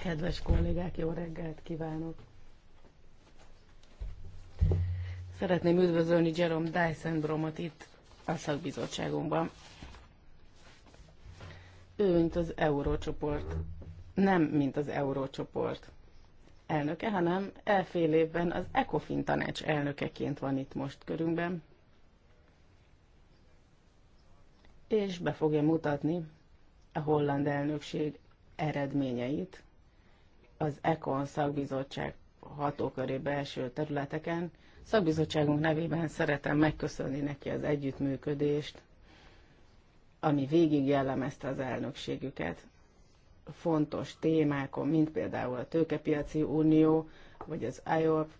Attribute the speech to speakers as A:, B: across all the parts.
A: Kedves kollégák, jó reggelt kívánok! Szeretném üdvözölni Jerome Dyson Bromot itt a szakbizottságunkban. Ő, mint az eurócsoport, nem mint az eurócsoport elnöke, hanem elfél évben az ECOFIN tanács elnökeként van itt most körünkben, és be fogja mutatni a holland elnökség eredményeit az ECON szakbizottság hatókörébe első területeken. Szakbizottságunk nevében szeretem megköszönni neki az együttműködést, ami végig jellemezte az elnökségüket. Fontos témákon, mint például a Tőkepiaci Unió, vagy az IOP,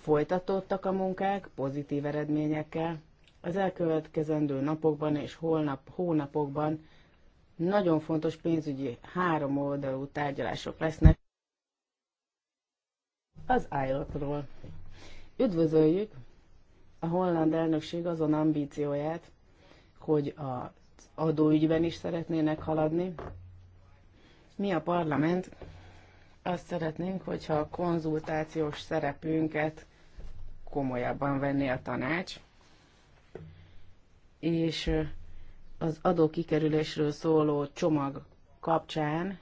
A: folytatódtak a munkák pozitív eredményekkel. Az elkövetkezendő napokban és holnap, hónapokban nagyon fontos pénzügyi három oldalú tárgyalások lesznek az állatról. Üdvözöljük a holland elnökség azon ambícióját, hogy az adóügyben is szeretnének haladni. Mi a parlament azt szeretnénk, hogyha a konzultációs szerepünket komolyabban venné a tanács, és az adókikerülésről szóló csomag kapcsán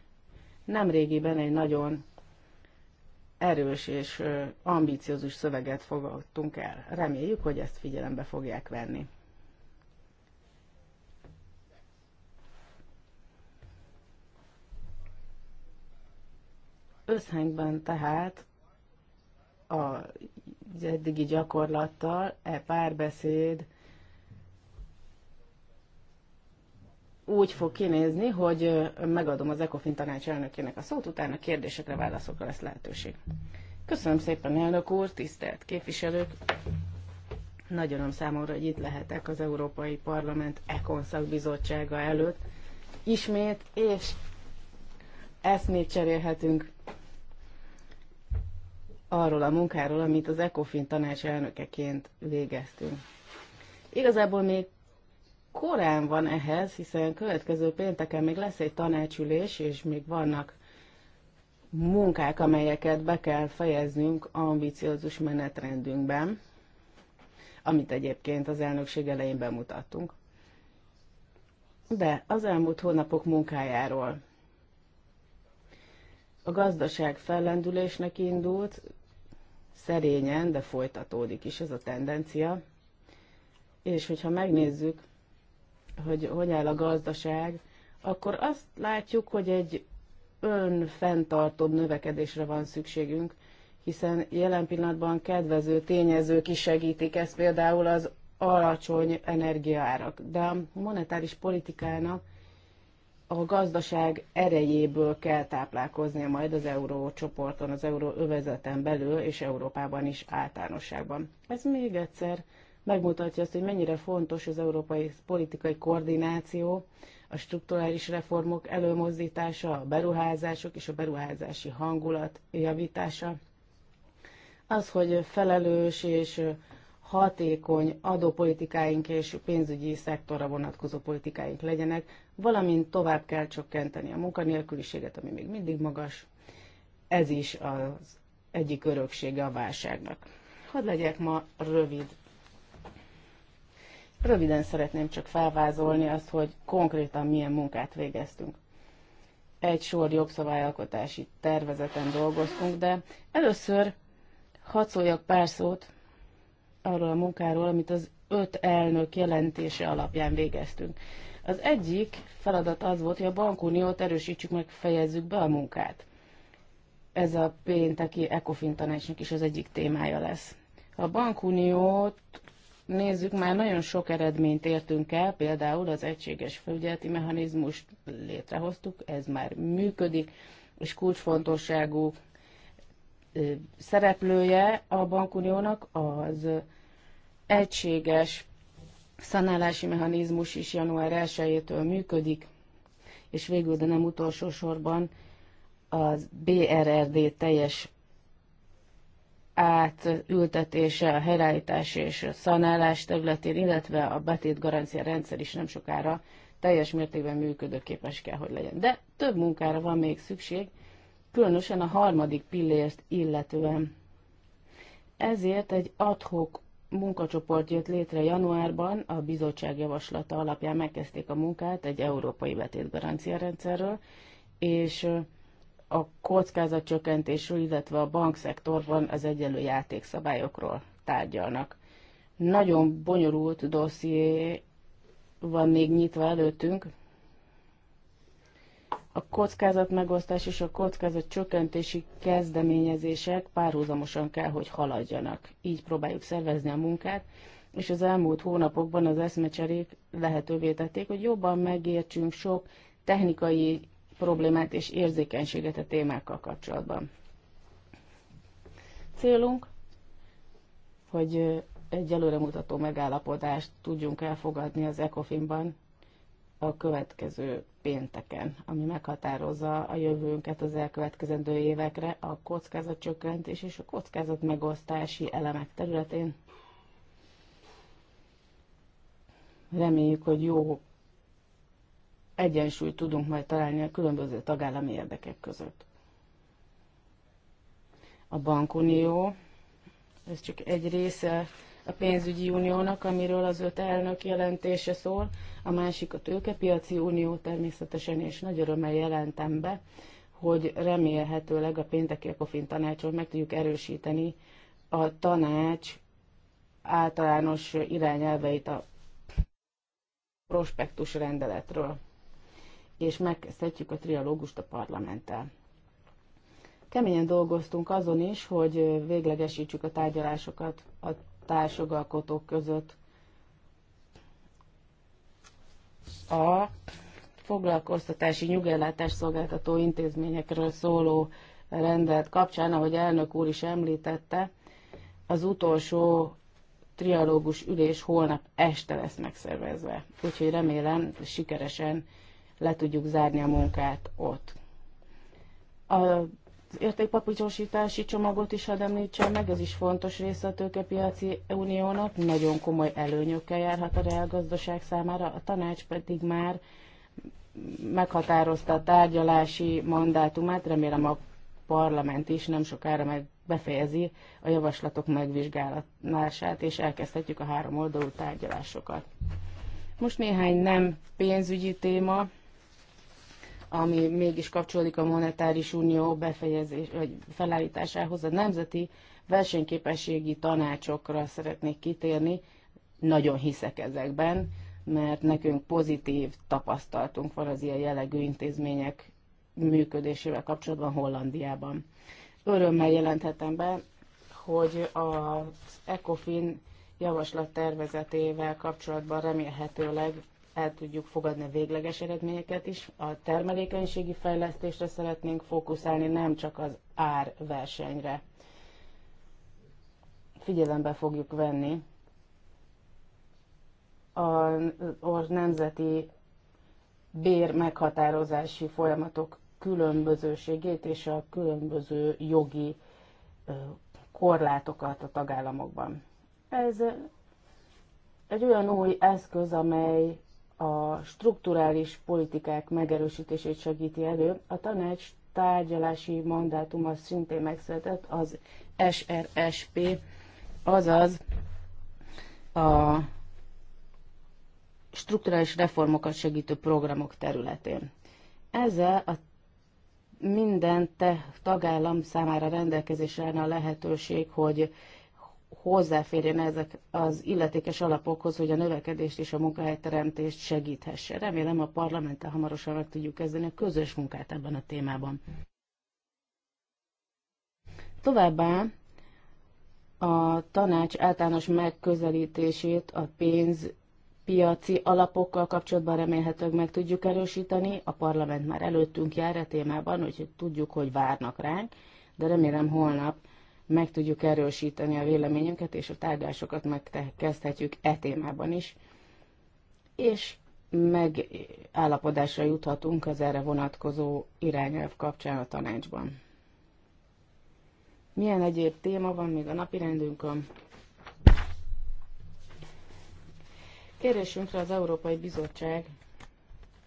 A: nemrégiben egy nagyon erős és ambiciózus szöveget fogadtunk el. Reméljük, hogy ezt figyelembe fogják venni. Összhangban tehát az eddigi gyakorlattal e párbeszéd úgy fog kinézni, hogy megadom az ECOFIN tanács elnökének a szót, utána kérdésekre, válaszokra lesz lehetőség. Köszönöm szépen, elnök úr, tisztelt képviselők! Nagy öröm számomra, hogy itt lehetek az Európai Parlament Ekon szakbizottsága előtt. Ismét, és eszmét cserélhetünk arról a munkáról, amit az ECOFIN tanács elnökeként végeztünk. Igazából még korán van ehhez, hiszen következő pénteken még lesz egy tanácsülés, és még vannak munkák, amelyeket be kell fejeznünk ambiciózus menetrendünkben, amit egyébként az elnökség elején bemutattunk. De az elmúlt hónapok munkájáról. A gazdaság fellendülésnek indult, szerényen, de folytatódik is ez a tendencia. És hogyha megnézzük hogy hogy áll a gazdaság, akkor azt látjuk, hogy egy önfenntartóbb növekedésre van szükségünk, hiszen jelen pillanatban kedvező tényezők is segítik ezt, például az alacsony energiaárak. De a monetáris politikának a gazdaság erejéből kell táplálkoznia majd az eurócsoporton, az euróövezeten belül és Európában is általánosságban. Ez még egyszer megmutatja azt, hogy mennyire fontos az európai politikai koordináció, a strukturális reformok előmozdítása, a beruházások és a beruházási hangulat javítása. Az, hogy felelős és hatékony adópolitikáink és pénzügyi szektorra vonatkozó politikáink legyenek, valamint tovább kell csökkenteni a munkanélküliséget, ami még mindig magas. Ez is az egyik öröksége a válságnak. Hadd legyek ma rövid Röviden szeretném csak felvázolni azt, hogy konkrétan milyen munkát végeztünk. Egy sor jogszabályalkotási tervezeten dolgoztunk, de először hadd szóljak pár szót arról a munkáról, amit az öt elnök jelentése alapján végeztünk. Az egyik feladat az volt, hogy a bankuniót erősítsük meg, fejezzük be a munkát. Ez a pénteki ECOFIN tanácsnak is az egyik témája lesz. A bankuniót nézzük, már nagyon sok eredményt értünk el, például az egységes felügyeleti mechanizmust létrehoztuk, ez már működik, és kulcsfontosságú szereplője a bankuniónak az egységes szanálási mechanizmus is január 1-től működik, és végül, de nem utolsó sorban, az BRRD teljes átültetése, a helyreállítás és a szanálás területén, illetve a betét garancia rendszer is nem sokára teljes mértékben működőképes kell, hogy legyen. De több munkára van még szükség, különösen a harmadik pillért illetően. Ezért egy adhok munkacsoport jött létre januárban, a bizottság javaslata alapján megkezdték a munkát egy európai betétgarancia rendszerről, és a kockázatcsökkentésről, illetve a bankszektorban az egyenlő játékszabályokról tárgyalnak. Nagyon bonyolult dosszié van még nyitva előttünk. A kockázat megosztás és a kockázat csökkentési kezdeményezések párhuzamosan kell, hogy haladjanak. Így próbáljuk szervezni a munkát, és az elmúlt hónapokban az eszmecserék lehetővé tették, hogy jobban megértsünk sok technikai problémát és érzékenységet a témákkal kapcsolatban. Célunk, hogy egy előremutató megállapodást tudjunk elfogadni az ECOFIN-ban a következő pénteken, ami meghatározza a jövőnket az elkövetkezendő évekre a kockázatcsökkentés és a kockázat megosztási elemek területén. Reméljük, hogy jó egyensúlyt tudunk majd találni a különböző tagállami érdekek között. A bankunió, ez csak egy része a pénzügyi uniónak, amiről az öt elnök jelentése szól, a másik a tőkepiaci unió természetesen, és nagy örömmel jelentem be, hogy remélhetőleg a pénteki ECOFIN tanácson meg tudjuk erősíteni a tanács általános irányelveit a prospektus rendeletről és megkezdhetjük a trialógust a parlamenttel. Keményen dolgoztunk azon is, hogy véglegesítsük a tárgyalásokat a társjogalkotók között a foglalkoztatási nyugellátás szolgáltató intézményekről szóló rendelet kapcsán, ahogy elnök úr is említette, az utolsó trialógus ülés holnap este lesz megszervezve. Úgyhogy remélem sikeresen le tudjuk zárni a munkát ott. Az értékpapírsosítási csomagot is hadd említsem meg, ez is fontos része a tőkepiaci uniónak, nagyon komoly előnyökkel járhat a reálgazdaság számára, a tanács pedig már meghatározta a tárgyalási mandátumát, remélem a parlament is nem sokára meg befejezi a javaslatok megvizsgálását, és elkezdhetjük a három oldalú tárgyalásokat. Most néhány nem pénzügyi téma, ami mégis kapcsolódik a monetáris unió befejezés, vagy felállításához, a nemzeti versenyképességi tanácsokra szeretnék kitérni. Nagyon hiszek ezekben, mert nekünk pozitív tapasztalatunk van az ilyen jellegű intézmények működésével kapcsolatban Hollandiában. Örömmel jelenthetem be, hogy az ECOFIN javaslat tervezetével kapcsolatban remélhetőleg el tudjuk fogadni a végleges eredményeket is. A termelékenységi fejlesztésre szeretnénk fókuszálni, nem csak az árversenyre. Figyelembe fogjuk venni a, nemzeti bér meghatározási folyamatok különbözőségét és a különböző jogi korlátokat a tagállamokban. Ez egy olyan új eszköz, amely a strukturális politikák megerősítését segíti elő. A tanács tárgyalási mandátuma szintén megszületett, az SRSP, azaz a strukturális reformokat segítő programok területén. Ezzel a minden te, tagállam számára rendelkezésre állna a lehetőség, hogy hozzáférjen ezek az illetékes alapokhoz, hogy a növekedést és a munkahelyteremtést segíthesse. Remélem a parlamenttel hamarosan meg tudjuk kezdeni a közös munkát ebben a témában. Továbbá a tanács általános megközelítését a pénz piaci alapokkal kapcsolatban remélhetőleg meg tudjuk erősíteni. A parlament már előttünk jár a témában, úgyhogy tudjuk, hogy várnak ránk, de remélem holnap meg tudjuk erősíteni a véleményünket, és a tárgyásokat megkezdhetjük e témában is, és megállapodásra juthatunk az erre vonatkozó irányelv kapcsán a tanácsban. Milyen egyéb téma van még a napirendünkön? Kérésünkre az Európai Bizottság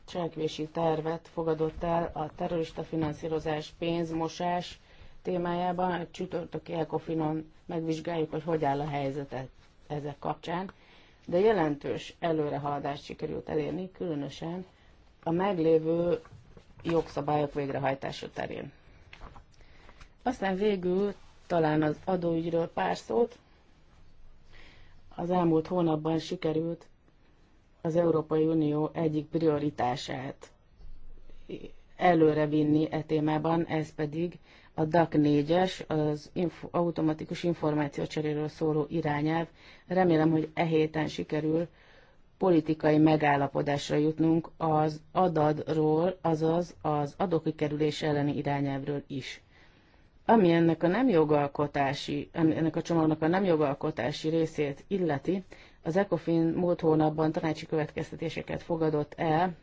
A: cselekvési tervet fogadott el a terrorista finanszírozás, pénzmosás, témájában, egy csütörtöki Ecofinon megvizsgáljuk, hogy hogy áll a helyzet e- ezek kapcsán, de jelentős előrehaladást sikerült elérni, különösen a meglévő jogszabályok végrehajtása terén. Aztán végül talán az adóügyről pár szót. Az elmúlt hónapban sikerült az Európai Unió egyik prioritását előrevinni e témában, ez pedig a DAC 4-es, az inf- automatikus információcseréről szóló irányelv. Remélem, hogy e héten sikerül politikai megállapodásra jutnunk az adadról, azaz az adókikerülés elleni irányelvről is. Ami ennek a nem jogalkotási, ennek a csomagnak a nem jogalkotási részét illeti, az ECOFIN múlt hónapban tanácsi következtetéseket fogadott el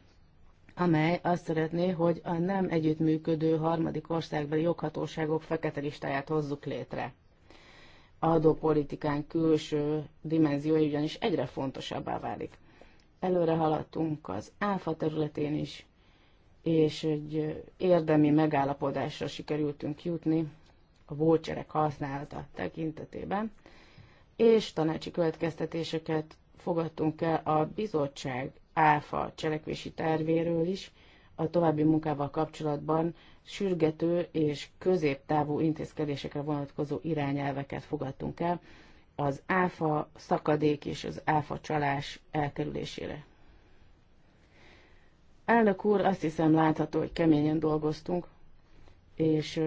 A: amely azt szeretné, hogy a nem együttműködő harmadik országbeli joghatóságok fekete listáját hozzuk létre. adópolitikán külső dimenziója ugyanis egyre fontosabbá válik. Előre haladtunk az ÁFA területén is, és egy érdemi megállapodásra sikerültünk jutni a vócserek használata tekintetében, és tanácsi következtetéseket fogadtunk el a bizottság ÁFA cselekvési tervéről is, a további munkával kapcsolatban sürgető és középtávú intézkedésekre vonatkozó irányelveket fogadtunk el az áfa szakadék és az áfa csalás elkerülésére. Elnök úr, azt hiszem látható, hogy keményen dolgoztunk, és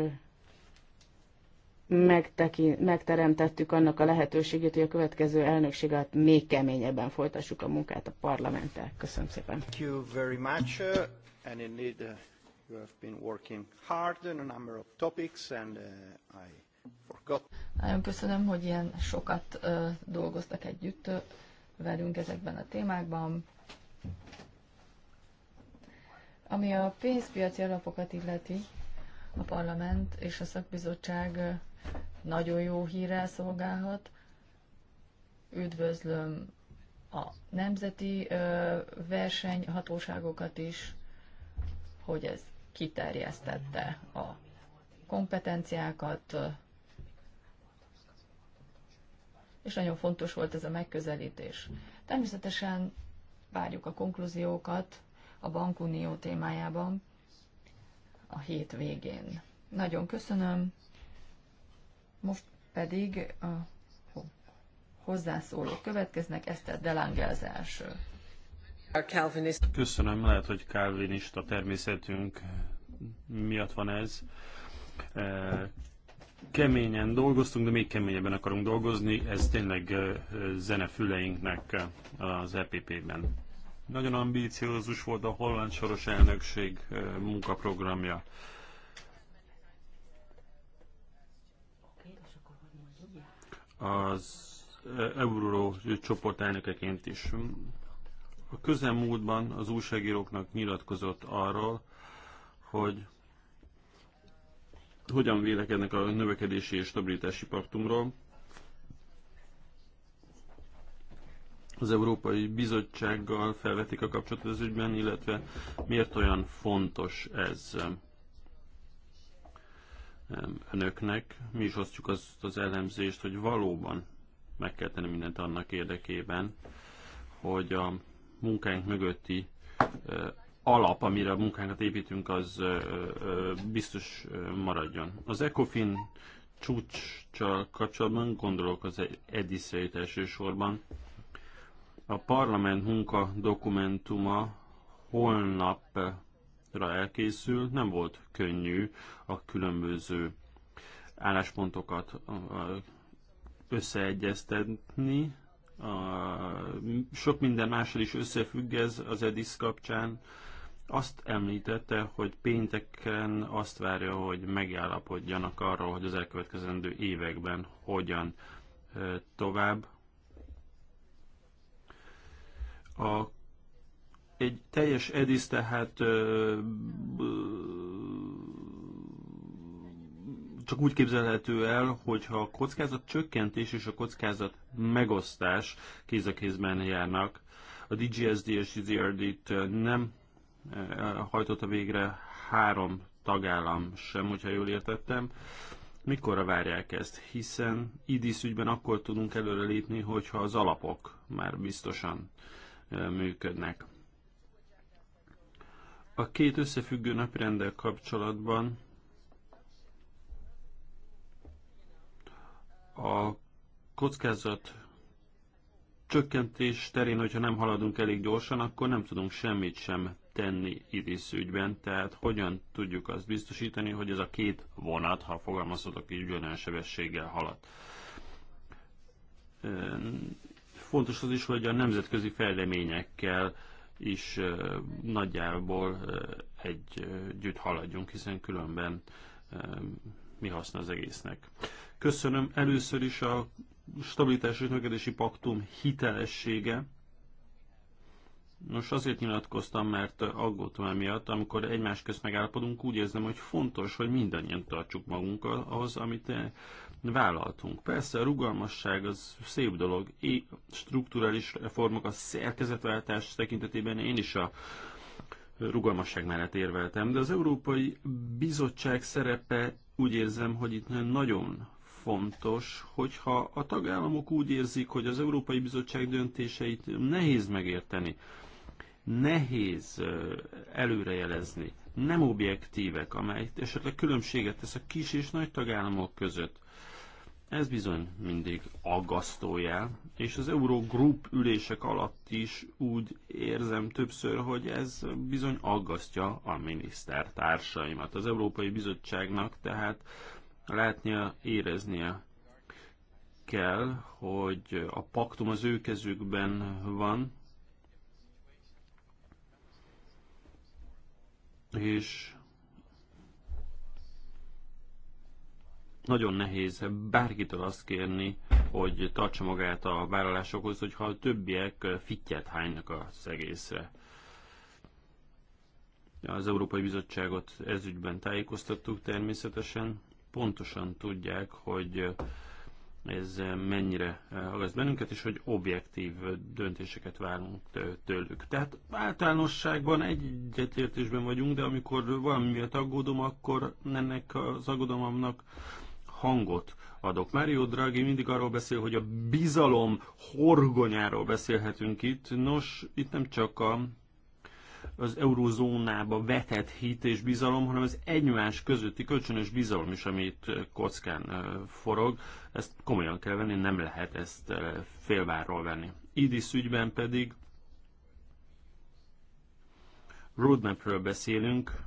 A: megteki, megteremtettük annak a lehetőségét, hogy a következő elnökség alatt még keményebben folytassuk a munkát a parlamenttel. Köszönöm szépen.
B: Thank you very much. Uh, and indeed, uh, you have been working hard on a number of topics, and uh, I forgot. Nagyon köszönöm, hogy ilyen sokat dolgoztak együtt velünk ezekben a témákban. Ami a pénzpiaci alapokat illeti, a parlament és a szakbizottság nagyon jó hírrel szolgálhat. Üdvözlöm a nemzeti versenyhatóságokat is, hogy ez kiterjesztette a kompetenciákat, és nagyon fontos volt ez a megközelítés. Természetesen várjuk a konklúziókat a bankunió témájában a hét végén. Nagyon köszönöm. Most pedig a hozzászólók következnek, Eszter Delange az első.
C: Köszönöm, lehet, hogy kálvinista természetünk miatt van ez. E, keményen dolgoztunk, de még keményebben akarunk dolgozni, ez tényleg e, zenefüleinknek az EPP-ben. Nagyon ambíciózus volt a holland soros elnökség e, munkaprogramja. az Euró csoport elnökeként is. A közelmúltban az újságíróknak nyilatkozott arról, hogy hogyan vélekednek a növekedési és stabilitási paktumról. Az Európai Bizottsággal felvetik a kapcsolatot az ügyben, illetve miért olyan fontos ez önöknek. Mi is osztjuk azt az elemzést, hogy valóban meg kell tenni mindent annak érdekében, hogy a munkánk mögötti alap, amire a munkánkat építünk, az biztos maradjon. Az ECOFIN csúcssal kapcsolatban gondolok az Edisre elsősorban. A parlament munka dokumentuma holnap elkészül. Nem volt könnyű a különböző álláspontokat összeegyeztetni. Sok minden mással is összefügg ez az EDIS kapcsán. Azt említette, hogy pénteken azt várja, hogy megállapodjanak arról, hogy az elkövetkezendő években hogyan tovább. A egy teljes EDIS, tehát ö, ö, csak úgy képzelhető el, hogyha a kockázat csökkentés és a kockázat megosztás kéz a kézben járnak. A DGSD és GZRD-t nem hajtotta végre három tagállam sem, hogyha jól értettem. Mikorra várják ezt? Hiszen IDIS ügyben akkor tudunk előrelépni, hogyha az alapok már biztosan működnek. A két összefüggő naprendel kapcsolatban a kockázat csökkentés terén, hogyha nem haladunk elég gyorsan, akkor nem tudunk semmit sem tenni idész tehát hogyan tudjuk azt biztosítani, hogy ez a két vonat, ha fogalmazhatok így, ugyanolyan sebességgel halad. Fontos az is, hogy a nemzetközi fejleményekkel is nagyjából együtt haladjunk, hiszen különben mi haszna az egésznek. Köszönöm először is a stabilitás és növekedési paktum hitelessége. Nos, azért nyilatkoztam, mert aggódtam emiatt, amikor egymás közt megállapodunk, úgy érzem, hogy fontos, hogy mindannyian tartsuk magunkkal ahhoz, amit eh, vállaltunk. Persze a rugalmasság az szép dolog, é, strukturális reformok, a szerkezetváltás tekintetében én is a rugalmasság mellett érveltem, de az Európai Bizottság szerepe úgy érzem, hogy itt nagyon fontos, hogyha a tagállamok úgy érzik, hogy az Európai Bizottság döntéseit nehéz megérteni, nehéz előrejelezni, nem objektívek, amely esetleg különbséget tesz a kis és nagy tagállamok között. Ez bizony mindig aggasztójá, és az Eurogroup ülések alatt is úgy érzem többször, hogy ez bizony aggasztja a minisztertársaimat. Az Európai Bizottságnak tehát látnia, éreznie kell, hogy a paktum az ő kezükben van, és nagyon nehéz bárkitől azt kérni, hogy tartsa magát a vállalásokhoz, hogyha a többiek fittyet hánynak a szegészre. Az Európai Bizottságot ezügyben tájékoztattuk természetesen. Pontosan tudják, hogy ez mennyire aggaszt bennünket, és hogy objektív döntéseket várunk tőlük. Tehát általánosságban egyetértésben vagyunk, de amikor valami miatt aggódom, akkor ennek az aggodalomnak hangot adok. Mário Draghi mindig arról beszél, hogy a bizalom horgonyáról beszélhetünk itt. Nos, itt nem csak a az eurozónába vetett hit és bizalom, hanem az egymás közötti kölcsönös bizalom is, amit eh, kockán eh, forog. Ezt komolyan kell venni, nem lehet ezt eh, félvárról venni. Idis ügyben pedig roadmapről beszélünk,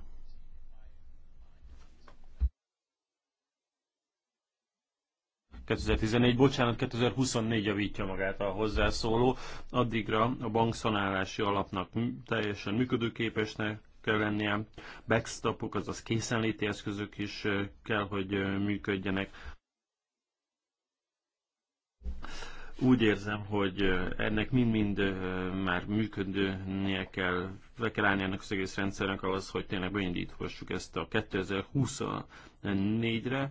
C: 2014, bocsánat, 2024 javítja magát a hozzászóló. Addigra a bankszanálási alapnak teljesen működőképesnek kell lennie, backstopok, azaz készenléti eszközök is kell, hogy működjenek. Úgy érzem, hogy ennek mind-mind már működnie kell, le kell állni ennek az egész rendszernek ahhoz, hogy tényleg beindíthassuk ezt a 2024-re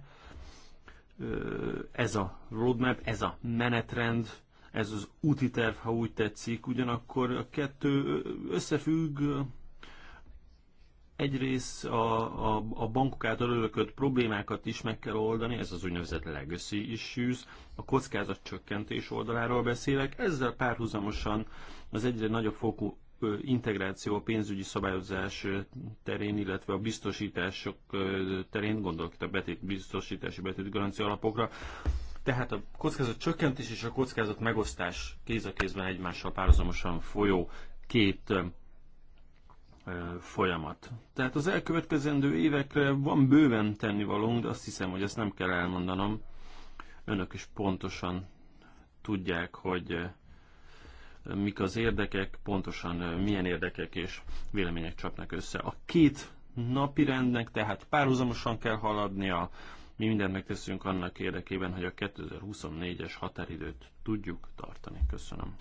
C: ez a roadmap, ez a menetrend, ez az úti terv, ha úgy tetszik, ugyanakkor a kettő összefügg egyrészt a, a, a bankok által örökölt problémákat is meg kell oldani, ez az úgynevezett legacy issues, a kockázat csökkentés oldaláról beszélek, ezzel párhuzamosan az egyre nagyobb fokú integráció a pénzügyi szabályozás terén, illetve a biztosítások terén, gondolok itt a betét, biztosítási garancia alapokra, tehát a kockázat csökkentés és a kockázat megosztás kéz a kézben egymással párhuzamosan folyó két folyamat. Tehát az elkövetkezendő évekre van bőven tennivalónk, de azt hiszem, hogy ezt nem kell elmondanom. Önök is pontosan tudják, hogy mik az érdekek, pontosan milyen érdekek és vélemények csapnak össze. A két napi rendnek tehát párhuzamosan kell haladnia, mi mindent megteszünk annak érdekében, hogy a 2024-es határidőt tudjuk tartani. Köszönöm.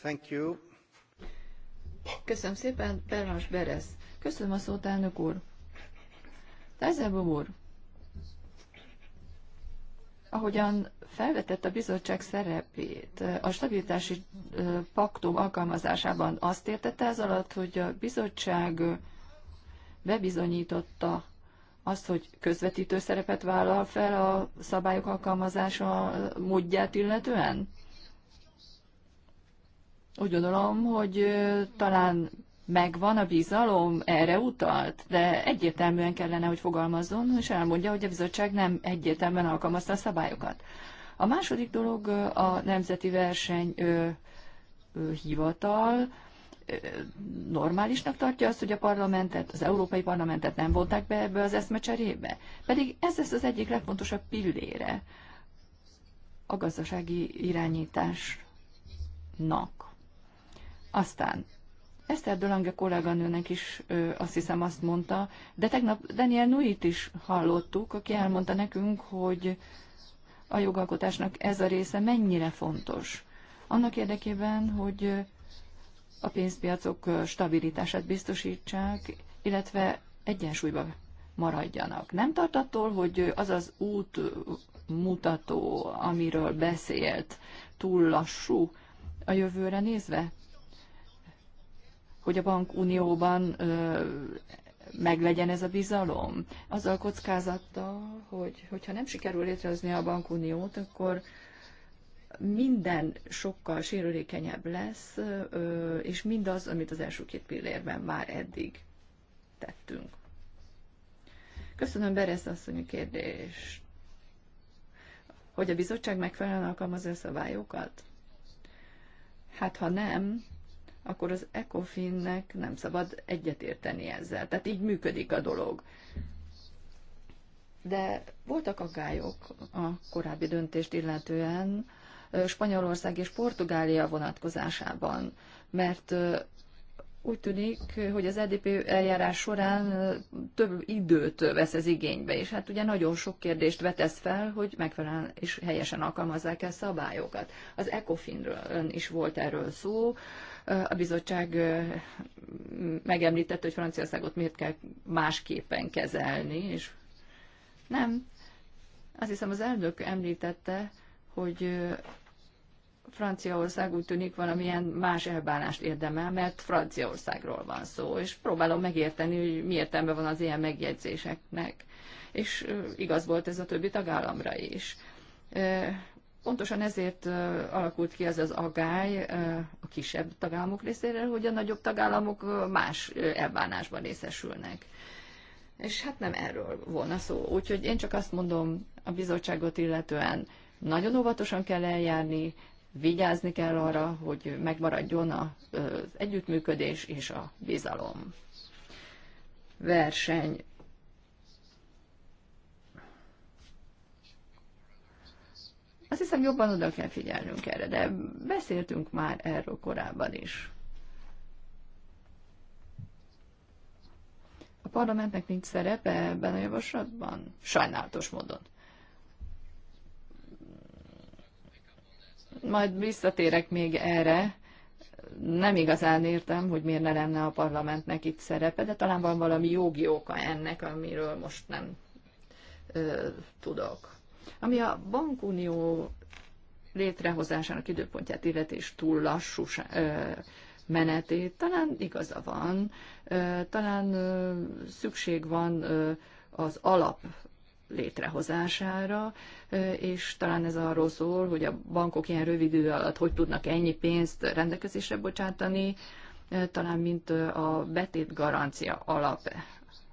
B: Thank you. Köszönöm szépen, Pervas Beresz. Köszönöm a szót, elnök úr. Tázelbom úr, ahogyan felvetett a bizottság szerepét a stabilitási paktum alkalmazásában azt értette ez alatt, hogy a bizottság bebizonyította azt, hogy közvetítő szerepet vállal fel a szabályok alkalmazása módját illetően? Úgy gondolom, hogy talán megvan a bizalom, erre utalt, de egyértelműen kellene, hogy fogalmazzon, és elmondja, hogy a bizottság nem egyértelműen alkalmazta a szabályokat. A második dolog a Nemzeti Verseny Hivatal normálisnak tartja azt, hogy a parlamentet, az Európai Parlamentet nem vonták be ebbe az eszmecserébe. Pedig ez lesz az egyik legfontosabb pillére a gazdasági irányításnak. Aztán Eszter Dolange kolléganőnek is ö, azt hiszem azt mondta, de tegnap Daniel Nuit is hallottuk, aki elmondta nekünk, hogy a jogalkotásnak ez a része mennyire fontos. Annak érdekében, hogy a pénzpiacok stabilitását biztosítsák, illetve egyensúlyba maradjanak. Nem tart attól, hogy az az út mutató, amiről beszélt, túl lassú a jövőre nézve? Hogy a bankunióban meglegyen ez a bizalom. Azzal kockázattal, hogy hogyha nem sikerül létrehozni a bankuniót, akkor minden sokkal sérülékenyebb lesz, és mindaz, amit az első két pillérben már eddig tettünk. Köszönöm Beresz asszony a kérdés, Hogy a bizottság megfelelően alkalmazza a szabályokat? Hát ha nem, akkor az ECOFIN-nek nem szabad egyetérteni ezzel. Tehát így működik a dolog. De voltak aggályok a korábbi döntést illetően Spanyolország és Portugália vonatkozásában, mert úgy tűnik, hogy az EDP eljárás során több időt vesz ez igénybe, és hát ugye nagyon sok kérdést vetesz fel, hogy megfelelően és helyesen alkalmazzák el szabályokat. Az ECOFIN-ről is volt erről szó, a bizottság megemlítette, hogy Franciaországot miért kell másképpen kezelni, és nem. Azt hiszem az elnök említette, hogy Franciaország úgy tűnik valamilyen más elbánást érdemel, mert Franciaországról van szó, és próbálom megérteni, hogy mi értelme van az ilyen megjegyzéseknek. És igaz volt ez a többi tagállamra is. Pontosan ezért alakult ki ez az agály a kisebb tagállamok részéről, hogy a nagyobb tagállamok más elbánásban részesülnek. És hát nem erről volna szó. Úgyhogy én csak azt mondom a bizottságot illetően, nagyon óvatosan kell eljárni, vigyázni kell arra, hogy megmaradjon az együttműködés és a bizalom. Verseny Azt hiszem, jobban oda kell figyelnünk erre, de beszéltünk már erről korábban is. A parlamentnek nincs szerepe ebben a javaslatban? Sajnálatos módon. Majd visszatérek még erre. Nem igazán értem, hogy miért ne lenne a parlamentnek itt szerepe, de talán van valami jogi oka ennek, amiről most nem ö, tudok. Ami a bankunió létrehozásának időpontját illeti és túl lassú menetét, talán igaza van, talán szükség van az alap létrehozására, és talán ez arról szól, hogy a bankok ilyen rövid idő alatt hogy tudnak ennyi pénzt rendelkezésre bocsátani, talán mint a betét garancia alap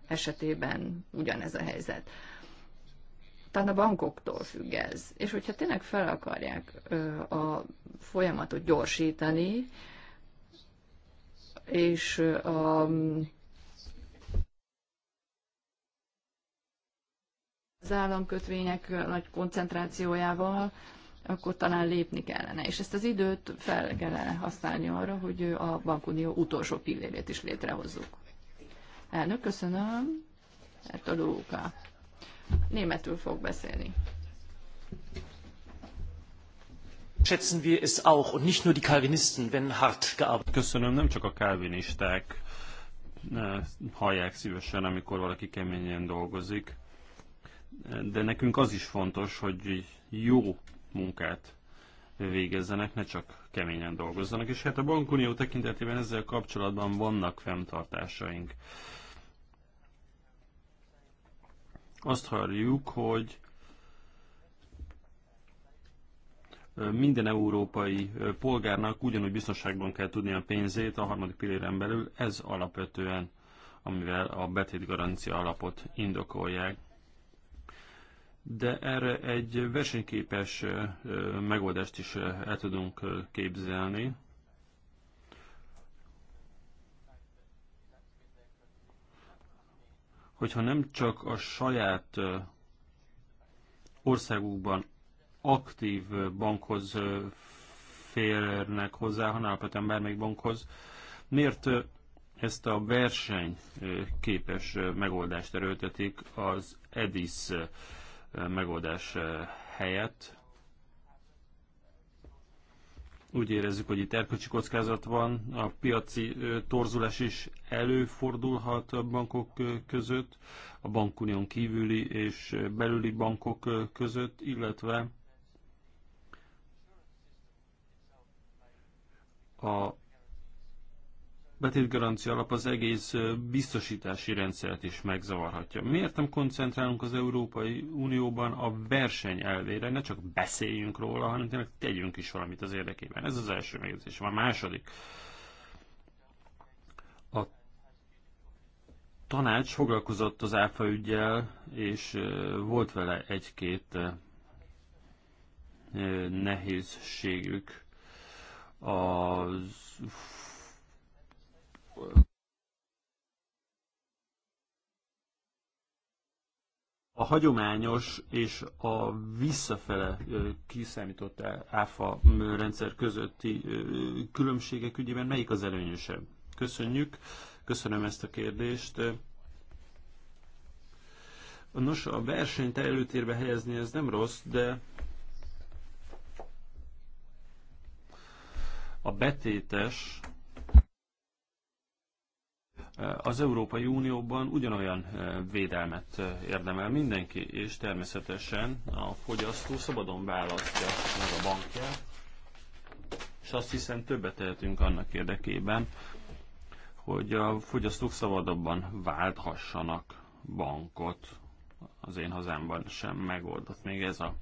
B: esetében ugyanez a helyzet tehát a bankoktól függ ez. És hogyha tényleg fel akarják a folyamatot gyorsítani, és a az államkötvények nagy koncentrációjával, akkor talán lépni kellene. És ezt az időt fel kellene használni arra, hogy a bankunió utolsó pillérét is létrehozzuk. Elnök, köszönöm. Ertadó németül fog beszélni.
C: Schätzen wir es auch, und nicht nur die Calvinisten, wenn hart gearbeitet. Köszönöm, nem csak a kálvinisták hallják szívesen, amikor valaki keményen dolgozik. De nekünk az is fontos, hogy jó munkát végezzenek, ne csak keményen dolgozzanak. És hát a bankunió tekintetében ezzel kapcsolatban vannak fenntartásaink. Azt halljuk, hogy minden európai polgárnak ugyanúgy biztonságban kell tudni a pénzét a harmadik pilléren belül. Ez alapvetően, amivel a betét garancia alapot indokolják. De erre egy versenyképes megoldást is el tudunk képzelni. hogyha nem csak a saját országukban aktív bankhoz férnek hozzá, hanem alapvetően bármelyik bankhoz, miért ezt a verseny képes megoldást erőltetik az EDIS megoldás helyett, úgy érezzük, hogy itt erkölcsi kockázat van, a piaci torzulás is előfordulhat a bankok között, a bankunión kívüli és belüli bankok között, illetve a betétgarancia alap az egész biztosítási rendszert is megzavarhatja. Miért nem koncentrálunk az Európai Unióban a verseny elvére, ne csak beszéljünk róla, hanem tényleg tegyünk is valamit az érdekében. Ez az első megjegyzés, A második. A tanács foglalkozott az áfa ügyjel, és volt vele egy-két nehézségük. Az a hagyományos és a visszafele kiszámított áfa rendszer közötti különbségek ügyében melyik az előnyösebb? Köszönjük, köszönöm ezt a kérdést. Nos, a versenyt előtérbe helyezni ez nem rossz, de a betétes az Európai Unióban ugyanolyan eh, védelmet eh, érdemel mindenki, és természetesen a fogyasztó szabadon választja meg a bankját, és azt hiszem többet tehetünk annak érdekében, hogy a fogyasztók szabadabban válthassanak bankot. Az én hazámban sem megoldott még ez a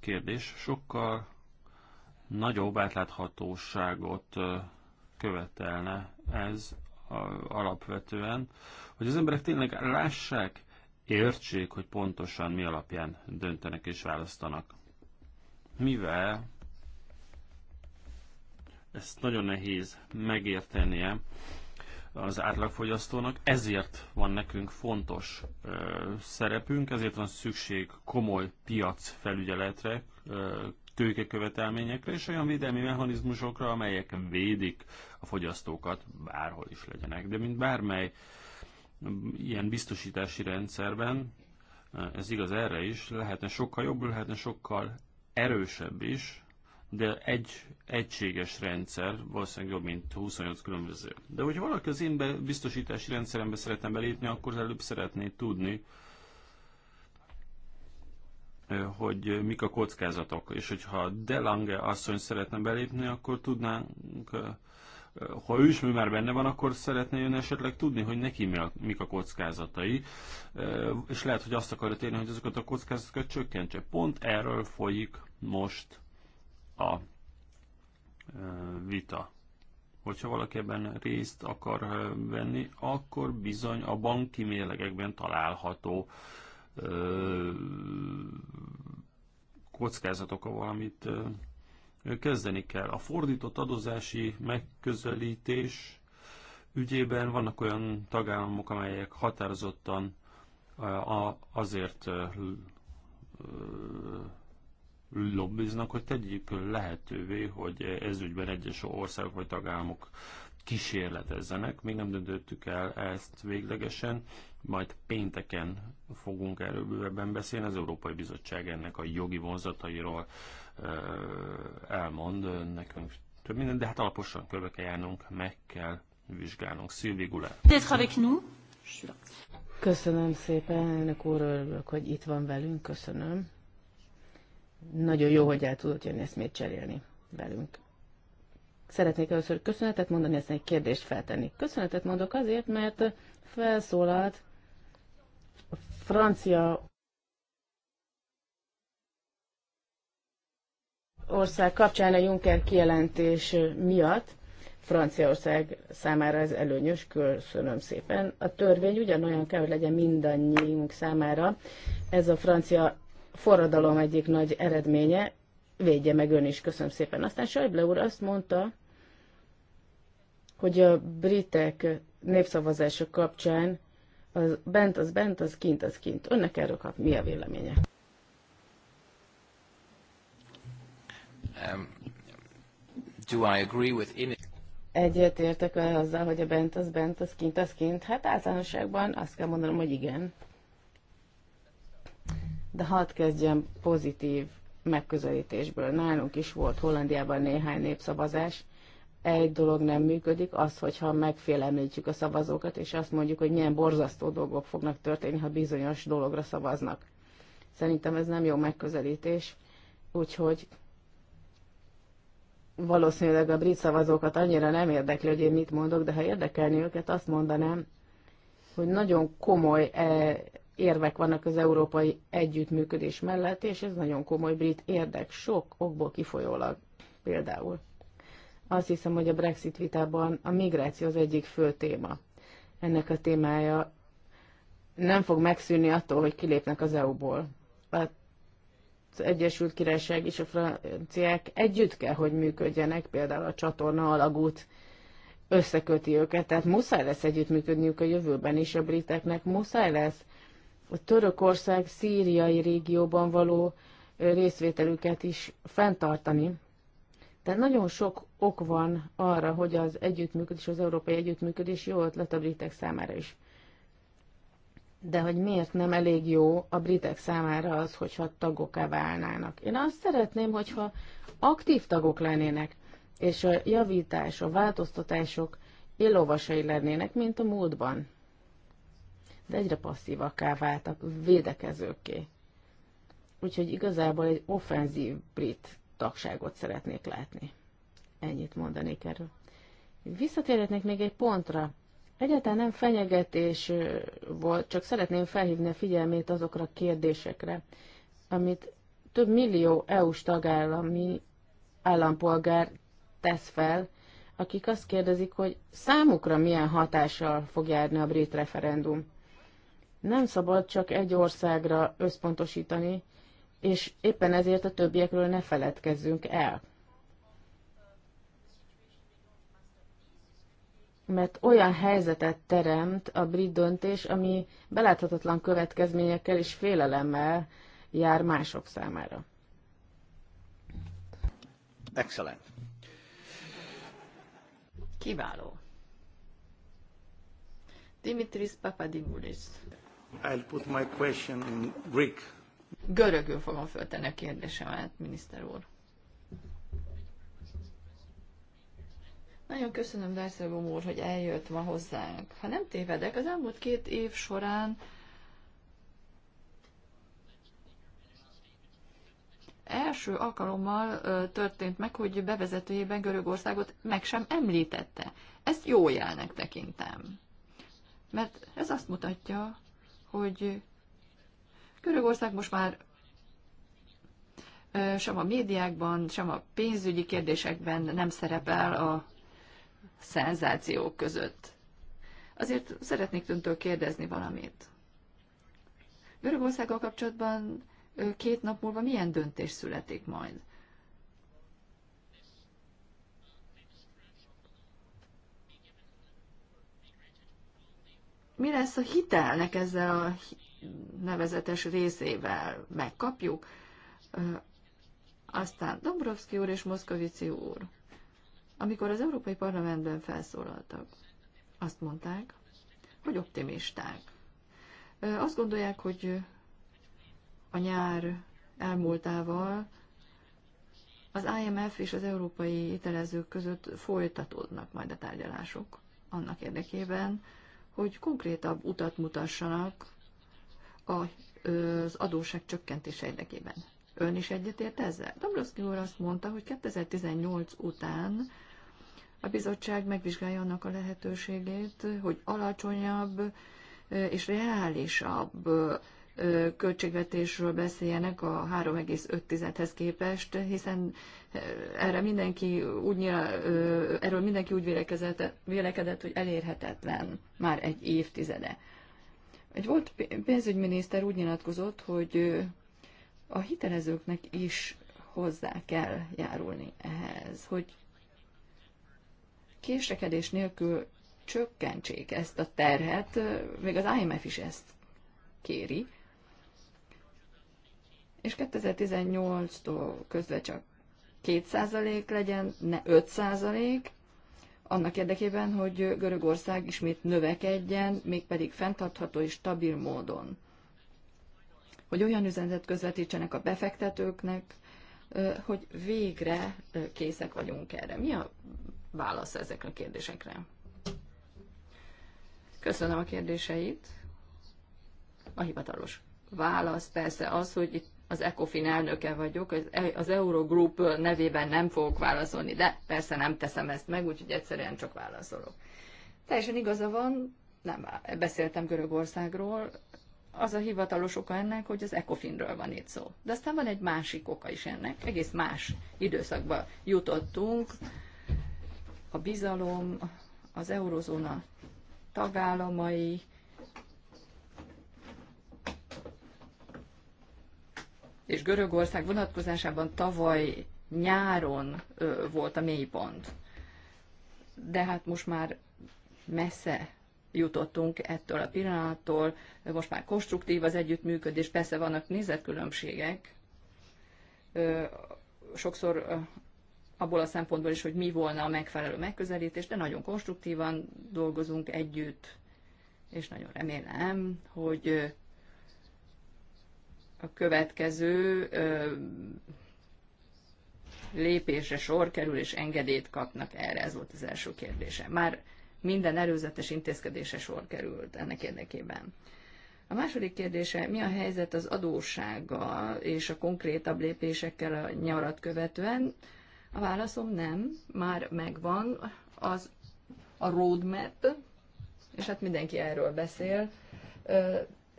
C: kérdés. Sokkal nagyobb átláthatóságot eh, követelne ez alapvetően, hogy az emberek tényleg lássák, értsék, hogy pontosan mi alapján döntenek és választanak. Mivel ezt nagyon nehéz megértenie az átlagfogyasztónak, ezért van nekünk fontos ö, szerepünk, ezért van szükség komoly piacfelügyeletre, ö, tőkekövetelményekre és olyan védelmi mechanizmusokra, amelyek védik a fogyasztókat, bárhol is legyenek. De mint bármely mm, ilyen biztosítási rendszerben, eh, ez igaz erre is, lehetne sokkal jobb, lehetne sokkal erősebb is, de egy egységes rendszer valószínűleg jobb, mint 28 különböző. De hogyha valaki az én biztosítási rendszerembe szeretne belépni, akkor előbb szeretné tudni, hogy mik a kockázatok, és hogyha Delange asszony szeretne belépni, akkor tudnánk, ha ő is már benne van, akkor szeretne jön esetleg tudni, hogy neki mik a kockázatai, és lehet, hogy azt akarja térni, hogy azokat a kockázatokat csökkentse. Pont erről folyik most a vita. Hogyha valaki ebben részt akar venni, akkor bizony a banki mérlegekben található uh, kockázatokkal valamit kezdeni kell. A fordított adózási megközelítés ügyében vannak olyan tagállamok, amelyek határozottan azért lobbiznak, hogy tegyük lehetővé, hogy ez ügyben egyes országok vagy tagállamok kísérletezzenek. Még nem döntöttük el ezt véglegesen, majd pénteken fogunk erről bővebben beszélni. Az Európai Bizottság ennek a jogi vonzatairól elmond nekünk több mindent, de hát alaposan körbe kell járnunk, meg kell vizsgálnunk. Szilvi Gulár.
A: Köszönöm szépen, elnök úr, örülök, hogy itt van velünk, köszönöm. Nagyon jó, hogy el tudott jönni ezt még cserélni velünk. Szeretnék először köszönetet mondani, ezt egy kérdést feltenni. Köszönetet mondok azért, mert felszólalt a francia ország kapcsán a Juncker kijelentés miatt Franciaország számára ez előnyös, köszönöm szépen. A törvény ugyanolyan kell, hogy legyen mindannyiunk számára. Ez a francia forradalom egyik nagy eredménye, védje meg ön is, köszönöm szépen. Aztán Sajble úr azt mondta, hogy a britek népszavazása kapcsán az bent az bent, az kint az kint. Önnek erről kap mi a véleménye?
B: Um, do I agree with any?
A: Egyet értek vele azzal, hogy a bent az bent, az kint az kint. Hát általánosságban azt kell mondanom, hogy igen. De hadd kezdjem pozitív megközelítésből. Nálunk is volt Hollandiában néhány népszavazás. Egy dolog nem működik, az, hogyha megfélemlítjük a szavazókat, és azt mondjuk, hogy milyen borzasztó dolgok fognak történni, ha bizonyos dologra szavaznak. Szerintem ez nem jó megközelítés, úgyhogy valószínűleg a brit szavazókat annyira nem érdekli, hogy én mit mondok, de ha érdekelni őket, azt mondanám, hogy nagyon komoly eh, érvek vannak az európai együttműködés mellett, és ez nagyon komoly brit érdek, sok okból kifolyólag például. Azt hiszem, hogy a Brexit vitában a migráció az egyik fő téma. Ennek a témája nem fog megszűnni attól, hogy kilépnek az EU-ból. Az Egyesült Királyság és a franciák együtt kell, hogy működjenek, például a csatorna alagút összeköti őket, tehát muszáj lesz együttműködniük a jövőben is a briteknek, muszáj lesz a Törökország szíriai régióban való részvételüket is fenntartani. Tehát nagyon sok ok van arra, hogy az együttműködés, az európai együttműködés jó ötlet a britek számára is. De hogy miért nem elég jó a britek számára az, hogyha tagoká válnának. Én azt szeretném, hogyha aktív tagok lennének, és a javítás, a változtatások élovasai lennének, mint a múltban de egyre passzívakká váltak, védekezőké. Úgyhogy igazából egy offenzív brit tagságot szeretnék látni. Ennyit mondanék erről. Visszatérhetnék még egy pontra. Egyáltalán nem fenyegetés volt, csak szeretném felhívni a figyelmét azokra a kérdésekre, amit több millió EU-s tagállami állampolgár tesz fel, akik azt kérdezik, hogy számukra milyen hatással fog járni a brit referendum. Nem szabad csak egy országra összpontosítani, és éppen ezért a többiekről ne feledkezzünk el. Mert olyan helyzetet teremt a brit döntés, ami beláthatatlan következményekkel és félelemmel jár mások számára.
B: Excellent. Kiváló. Dimitris Papadimulis.
C: I'll put my question in Greek.
B: Görögül fogom föltenni a kérdésemet, miniszter úr. Nagyon köszönöm, Derszegom úr, hogy eljött ma hozzánk. Ha nem tévedek, az elmúlt két év során első alkalommal történt meg, hogy bevezetőjében Görögországot meg sem említette. Ezt jó jelnek tekintem. Mert ez azt mutatja, hogy Görögország most már sem a médiákban, sem a pénzügyi kérdésekben nem szerepel a szenzációk között. Azért szeretnék öntől kérdezni valamit. Görögországgal kapcsolatban két nap múlva milyen döntés születik majd? mi lesz a hitelnek ezzel a nevezetes részével? Megkapjuk? Aztán Dombrovszki úr és Moszkovici úr, amikor az Európai Parlamentben felszólaltak, azt mondták, hogy optimisták. Azt gondolják, hogy a nyár elmúltával az IMF és az európai ételezők között folytatódnak majd a tárgyalások annak érdekében, hogy konkrétabb utat mutassanak az adóság csökkentése érdekében. Ön is egyetért ezzel? Dombrovszki úr azt mondta, hogy 2018 után a bizottság megvizsgálja annak a lehetőségét, hogy alacsonyabb eh, és reálisabb költségvetésről beszéljenek a 3,5-hez képest, hiszen erre mindenki úgy nyilá, erről mindenki úgy vélekedett, vélekedett, hogy elérhetetlen már egy évtizede. Egy volt pénzügyminiszter úgy nyilatkozott, hogy a hitelezőknek is hozzá kell járulni ehhez, hogy késlekedés nélkül csökkentsék ezt a terhet, még az IMF is ezt kéri, és 2018-tól közve csak 2% legyen, ne 5%, annak érdekében, hogy Görögország ismét növekedjen, mégpedig fenntartható és stabil módon. Hogy olyan üzenetet közvetítsenek a befektetőknek, hogy végre készek vagyunk erre. Mi a válasz ezekre a kérdésekre? Köszönöm a kérdéseit. A hivatalos válasz persze az, hogy itt az ECOFIN elnöke vagyok, e- az Eurogroup nevében nem fogok válaszolni, de persze nem teszem ezt meg, úgyhogy egyszerűen csak válaszolok. Teljesen igaza van, nem beszéltem Görögországról, az a hivatalos oka ennek, hogy az ECOFINről van itt szó. De aztán van egy másik oka is ennek, egész más időszakba jutottunk. A bizalom, az eurozóna tagállamai, és Görögország vonatkozásában tavaly nyáron volt a mélypont. De hát most már messze jutottunk ettől a pillanattól, most már konstruktív az együttműködés, persze vannak nézetkülönbségek, sokszor abból a szempontból is, hogy mi volna a megfelelő megközelítés, de nagyon konstruktívan dolgozunk együtt, és nagyon remélem, hogy a következő ö, lépésre sor kerül, és engedélyt kapnak erre? Ez volt az első kérdése. Már minden előzetes intézkedése sor került ennek érdekében. A második kérdése, mi a helyzet az adóssággal és a konkrétabb lépésekkel a nyarat követően? A válaszom nem, már megvan az a roadmap, és hát mindenki erről beszél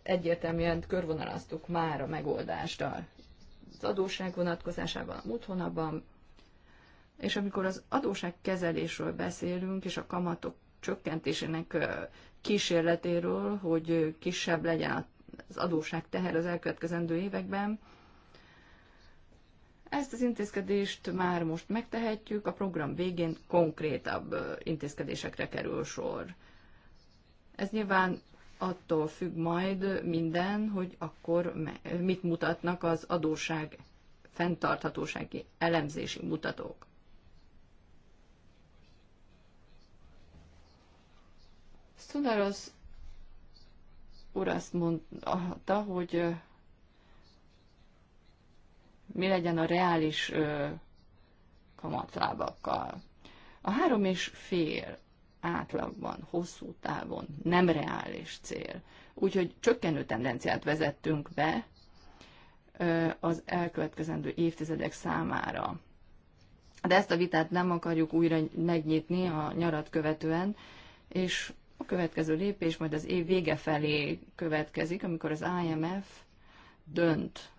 B: egyértelműen körvonalaztuk már a megoldást az adósság vonatkozásában a múlt hónapban, és amikor az kezelésről beszélünk, és a kamatok csökkentésének kísérletéről, hogy kisebb legyen az adóság teher az elkövetkezendő években, ezt az intézkedést már most megtehetjük, a program végén konkrétabb intézkedésekre kerül sor. Ez nyilván attól függ majd minden, hogy akkor mit mutatnak az adóság fenntarthatósági elemzési mutatók. Szunaros úr azt mondta, hogy mi legyen a reális kamatlábakkal. A három és fél átlagban, hosszú távon nem reális cél. Úgyhogy csökkenő tendenciát vezettünk be az elkövetkezendő évtizedek számára. De ezt a vitát nem akarjuk újra megnyitni a nyarat követően, és a következő lépés majd az év vége felé következik, amikor az IMF dönt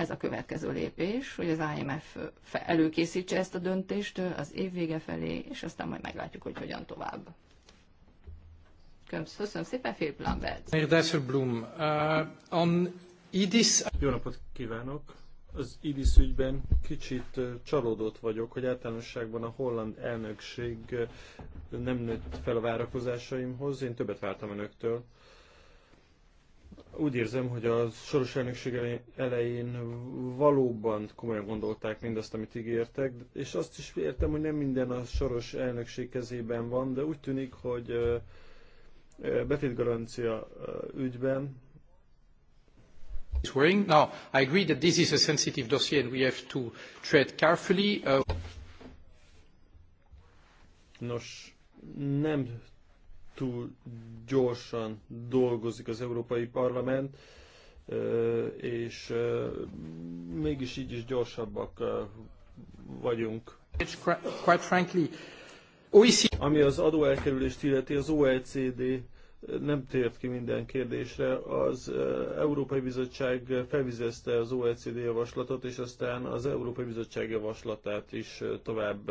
B: ez a következő lépés, hogy az IMF előkészítse ezt a döntést az év vége felé, és aztán majd meglátjuk, hogy hogyan tovább. Köszönöm szépen, Philip Lambert.
C: Meneer uh, on IDIS... Jó napot kívánok! Az IDIS ügyben kicsit eh, csalódott vagyok, hogy általánosságban a holland elnökség eh, nem nőtt fel a várakozásaimhoz. Én többet vártam önöktől úgy érzem, hogy a soros elnökség elején valóban komolyan gondolták mindazt, amit ígértek, és azt is értem, hogy nem minden a soros elnökség kezében van, de úgy tűnik, hogy betétgarancia ügyben Now, I agree that this is a sensitive dossier and we have to tread carefully. Uh... Nos, nem túl gyorsan dolgozik az Európai Parlament, és mégis így is gyorsabbak vagyunk. E Ami az adóelkerülést illeti, az OECD nem tért ki minden kérdésre. Az Európai Bizottság felvizezte az OECD javaslatot, és aztán az Európai Bizottság javaslatát is tovább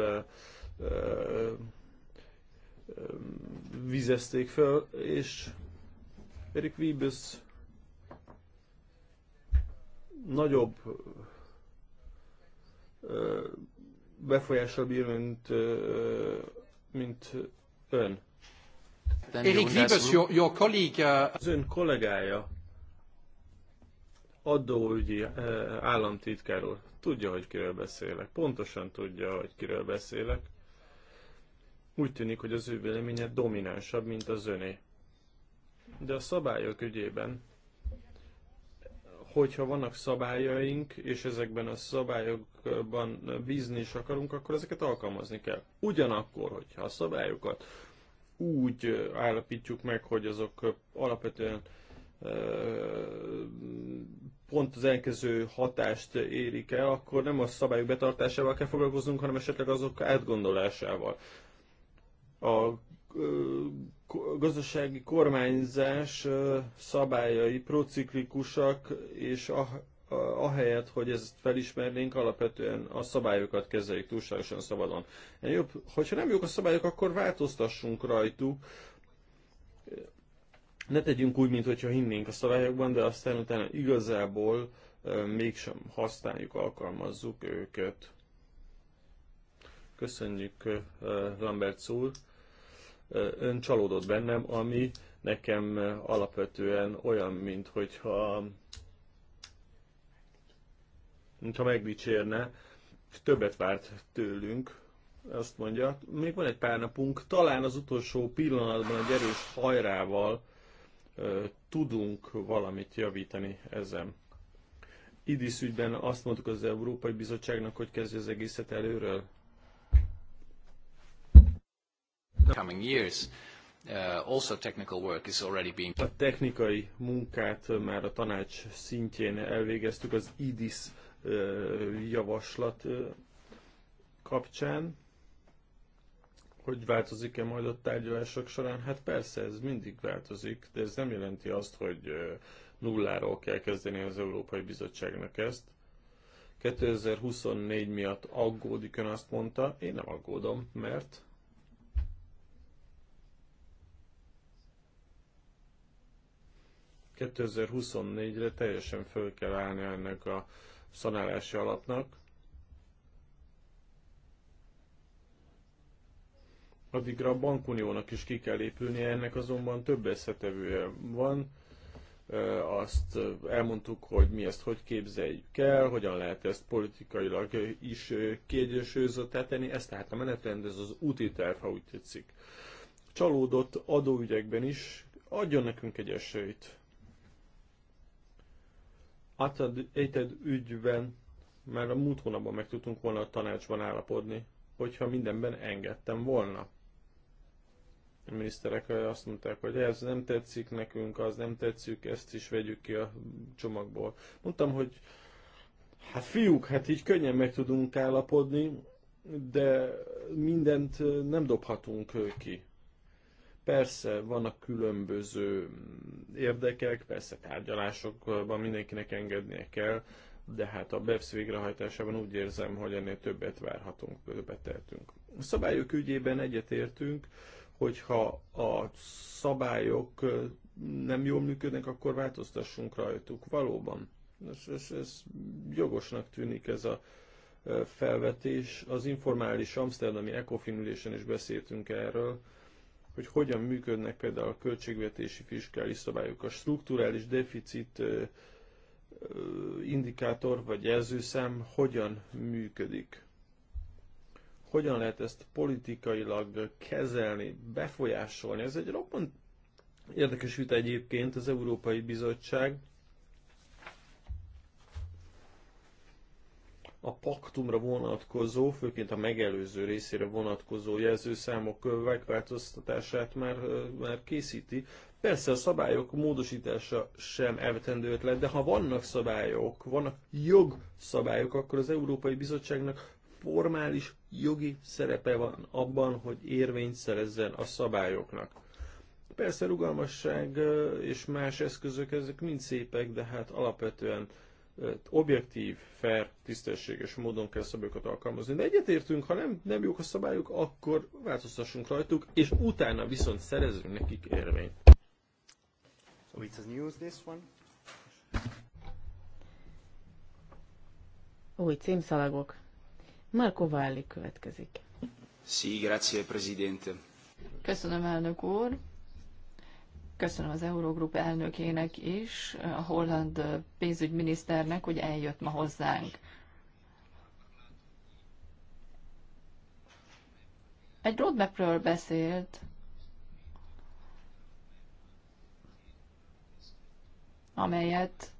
C: vizezték fel, és Erik Wiebes nagyobb befolyással bír, mint, mint ön. Erik Wiebes, jó your uh, Az ön kollégája adóügyi államtitkáról Tudja, hogy kiről beszélek. Pontosan tudja, hogy kiről beszélek. Úgy tűnik, hogy az ő véleménye dominánsabb, mint az öné. De a szabályok ügyében, hogyha vannak szabályaink, és ezekben a szabályokban bízni is akarunk, akkor ezeket alkalmazni kell. Ugyanakkor, hogyha a szabályokat úgy állapítjuk meg, hogy azok alapvetően pont az elkező hatást érik el, akkor nem a szabályok betartásával kell foglalkoznunk, hanem esetleg azok átgondolásával a gazdasági kormányzás szabályai prociklikusak, és ahelyett, hogy ezt felismernénk, alapvetően a szabályokat kezeljük túlságosan szabadon. Jobb, hogyha nem jók a szabályok, akkor változtassunk rajtuk, ne tegyünk úgy, mintha hinnénk a szabályokban, de aztán utána igazából mégsem használjuk, alkalmazzuk őket. Köszönjük Lambert úr! ön csalódott bennem, ami nekem alapvetően olyan, mint hogyha mintha megdicsérne, többet várt tőlünk, azt mondja, még van egy pár napunk, talán az utolsó pillanatban egy erős hajrával tudunk valamit javítani ezen. Idis ügyben azt mondtuk az Európai Bizottságnak, hogy kezdje az egészet előről. coming years. Uh, also technical work is already being... A technikai munkát már a tanács szintjén elvégeztük az IDIS uh, javaslat uh, kapcsán. Hogy változik-e majd a tárgyalások során? Hát persze, ez mindig változik, de ez nem jelenti azt, hogy nulláról kell kezdeni az Európai Bizottságnak ezt. 2024 miatt aggódik, ön azt mondta, én nem aggódom, mert 2024-re teljesen föl kell állni ennek a szanálási alapnak. Addigra a bankuniónak is ki kell épülnie, ennek azonban több összetevője van. Azt elmondtuk, hogy mi ezt hogy képzeljük el, hogyan lehet ezt politikailag is kiegyensúlyozottá tenni, ez tehát a menetrend, ez az úti terv, ha úgy tetszik. Csalódott adóügyekben is adjon nekünk egy esélyt. Eted ügyben már a múlt hónapban meg tudtunk volna a tanácsban állapodni, hogyha mindenben engedtem volna. A miniszterek azt mondták, hogy ez nem tetszik nekünk, az nem tetszik, ezt is vegyük ki a csomagból. Mondtam, hogy hát fiúk, hát így könnyen meg tudunk állapodni, de mindent nem dobhatunk ki. Persze vannak különböző érdekek, persze tárgyalásokban mindenkinek engednie kell, de hát a BEPS végrehajtásában úgy érzem, hogy ennél többet várhatunk, többet tehetünk. A szabályok ügyében egyetértünk, hogyha a szabályok nem jól működnek, akkor változtassunk rajtuk. Valóban. Ez, ez, ez jogosnak tűnik ez a felvetés. Az informális Amsterdami Ecofin ülésen is beszéltünk erről, hogy hogyan működnek például a költségvetési fiskális szabályok. A strukturális deficit indikátor vagy jelzőszám hogyan működik. Hogyan lehet ezt politikailag kezelni, befolyásolni. Ez egy roppant érdekes vita egyébként az Európai Bizottság a paktumra vonatkozó, főként a megelőző részére vonatkozó jelzőszámok megváltoztatását már, már készíti. Persze a szabályok módosítása sem elvetendő ötlet, de ha vannak szabályok, vannak jogszabályok, akkor az Európai Bizottságnak formális jogi szerepe van abban, hogy érvényt szerezzen a szabályoknak. Persze rugalmasság és más eszközök, ezek mind szépek, de hát alapvetően objektív, fair, tisztességes módon kell szabályokat alkalmazni. De egyetértünk, ha nem, nem jók a szabályok, akkor változtassunk rajtuk, és utána viszont szerezünk nekik érvényt. So it's a news, this one.
A: Új címszalagok. Marco Valli következik.
B: Sí, grazie, presidente. Köszönöm, elnök úr. Köszönöm az Eurogrup elnökének is, a holland pénzügyminiszternek, hogy eljött ma hozzánk. Egy roadmapről beszélt, amelyet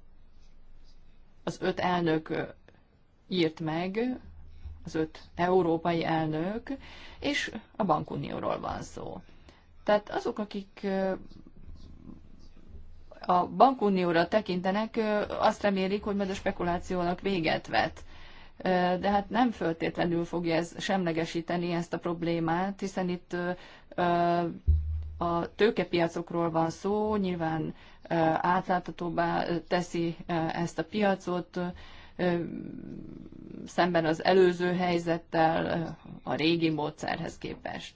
B: az öt elnök írt meg, az öt európai elnök, és a bankunióról van szó. Tehát azok, akik a bankunióra tekintenek, azt remélik, hogy majd a spekulációnak véget vet. De hát nem föltétlenül fogja ez semlegesíteni ezt a problémát, hiszen itt a tőkepiacokról van szó, nyilván átláthatóbbá teszi ezt a piacot, szemben az előző helyzettel a régi módszerhez képest.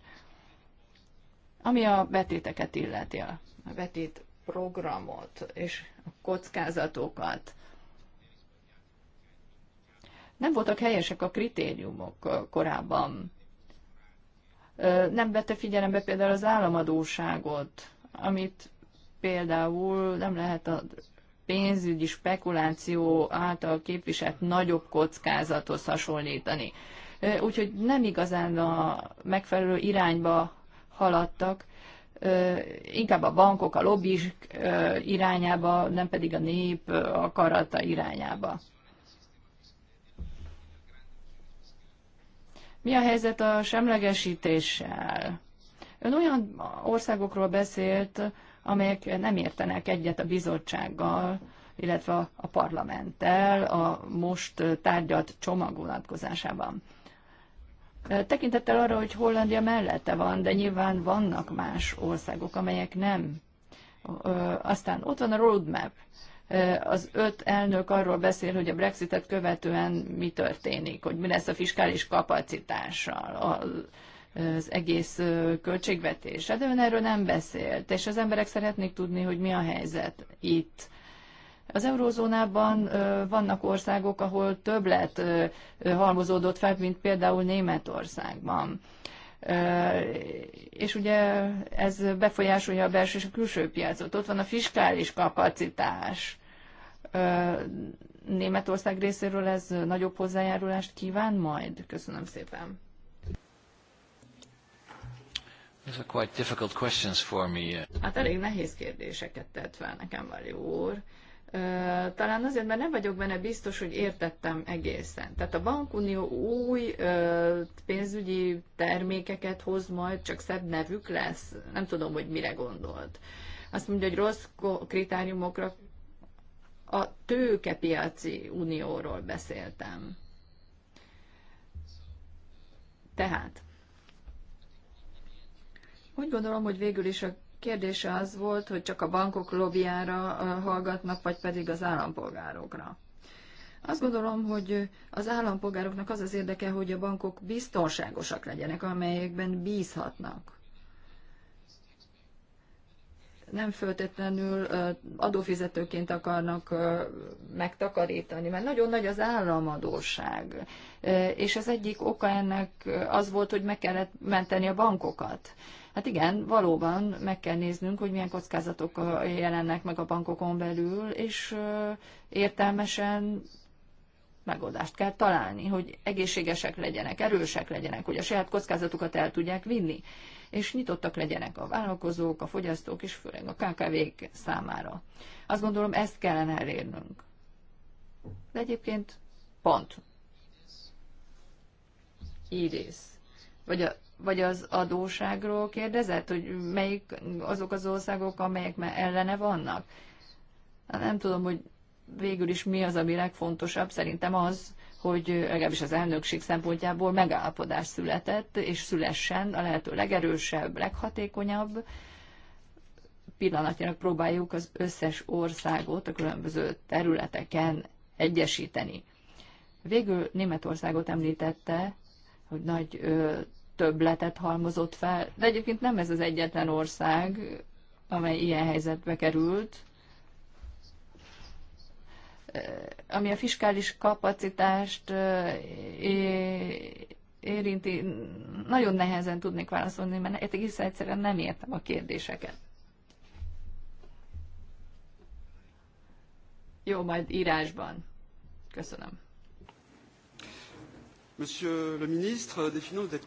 B: Ami a betéteket illeti, a betét programot és a kockázatokat. Nem voltak helyesek a kritériumok korábban. Nem vette figyelembe például az államadóságot, amit például nem lehet a pénzügyi spekuláció által képviselt nagyobb kockázathoz hasonlítani. Úgyhogy nem igazán a megfelelő irányba haladtak, inkább a bankok, a lobbik irányába, nem pedig a nép akarata irányába. Mi a helyzet a semlegesítéssel? Ön olyan országokról beszélt, amelyek nem értenek egyet a bizottsággal, illetve a parlamenttel a most tárgyalt csomag vonatkozásában. Tekintettel arra, hogy Hollandia mellette van, de nyilván vannak más országok, amelyek nem. Aztán ott van a roadmap. Az öt elnök arról beszél, hogy a Brexitet követően mi történik, hogy mi lesz a fiskális kapacitással, az egész költségvetés. de hát ön erről nem beszélt, és az emberek szeretnék tudni, hogy mi a helyzet itt az eurózónában vannak országok, ahol többlet halmozódott fel, mint például Németországban. És ugye ez befolyásolja a belső és a külső piacot. Ott van a fiskális kapacitás. Németország részéről ez nagyobb hozzájárulást kíván majd? Köszönöm szépen. These are quite difficult questions for me. Hát elég nehéz kérdéseket tett fel nekem, Vali úr talán azért, mert nem vagyok benne biztos, hogy értettem egészen. Tehát a bankunió új ö, pénzügyi termékeket hoz majd, csak szebb nevük lesz. Nem tudom, hogy mire gondolt. Azt mondja, hogy rossz kritériumokra a tőkepiaci unióról beszéltem. Tehát, úgy gondolom, hogy végül is a kérdése az volt, hogy csak a bankok lobbyára hallgatnak, vagy pedig az állampolgárokra. Azt gondolom, hogy az állampolgároknak az az érdeke, hogy a bankok biztonságosak legyenek, amelyekben bízhatnak nem föltétlenül adófizetőként akarnak megtakarítani, mert nagyon nagy az államadóság. És az egyik oka ennek az volt, hogy meg kellett menteni a bankokat. Hát igen, valóban meg kell néznünk, hogy milyen kockázatok jelennek meg a bankokon belül, és értelmesen megoldást kell találni, hogy egészségesek legyenek, erősek legyenek, hogy a saját kockázatukat el tudják vinni, és nyitottak legyenek a vállalkozók, a fogyasztók és főleg a KKV-k számára. Azt gondolom, ezt kellene elérnünk. De egyébként pont. Írész. Vagy, a, vagy az adóságról kérdezett, hogy melyik azok az országok, amelyek már ellene vannak? Hát nem tudom, hogy végül is mi az, ami legfontosabb, szerintem az, hogy legalábbis az elnökség szempontjából megállapodás született, és szülessen a lehető legerősebb, leghatékonyabb. Pillanatnyilag próbáljuk az összes országot a különböző területeken egyesíteni. Végül Németországot említette, hogy nagy ö, többletet halmozott fel, de egyébként nem ez az egyetlen ország, amely ilyen helyzetbe került, ami a fiskális kapacitást érinti, nagyon nehezen tudnék válaszolni, mert egész egyszerűen nem értem a kérdéseket. Jó, majd írásban. Köszönöm.
C: Monsieur le ministre des Finances...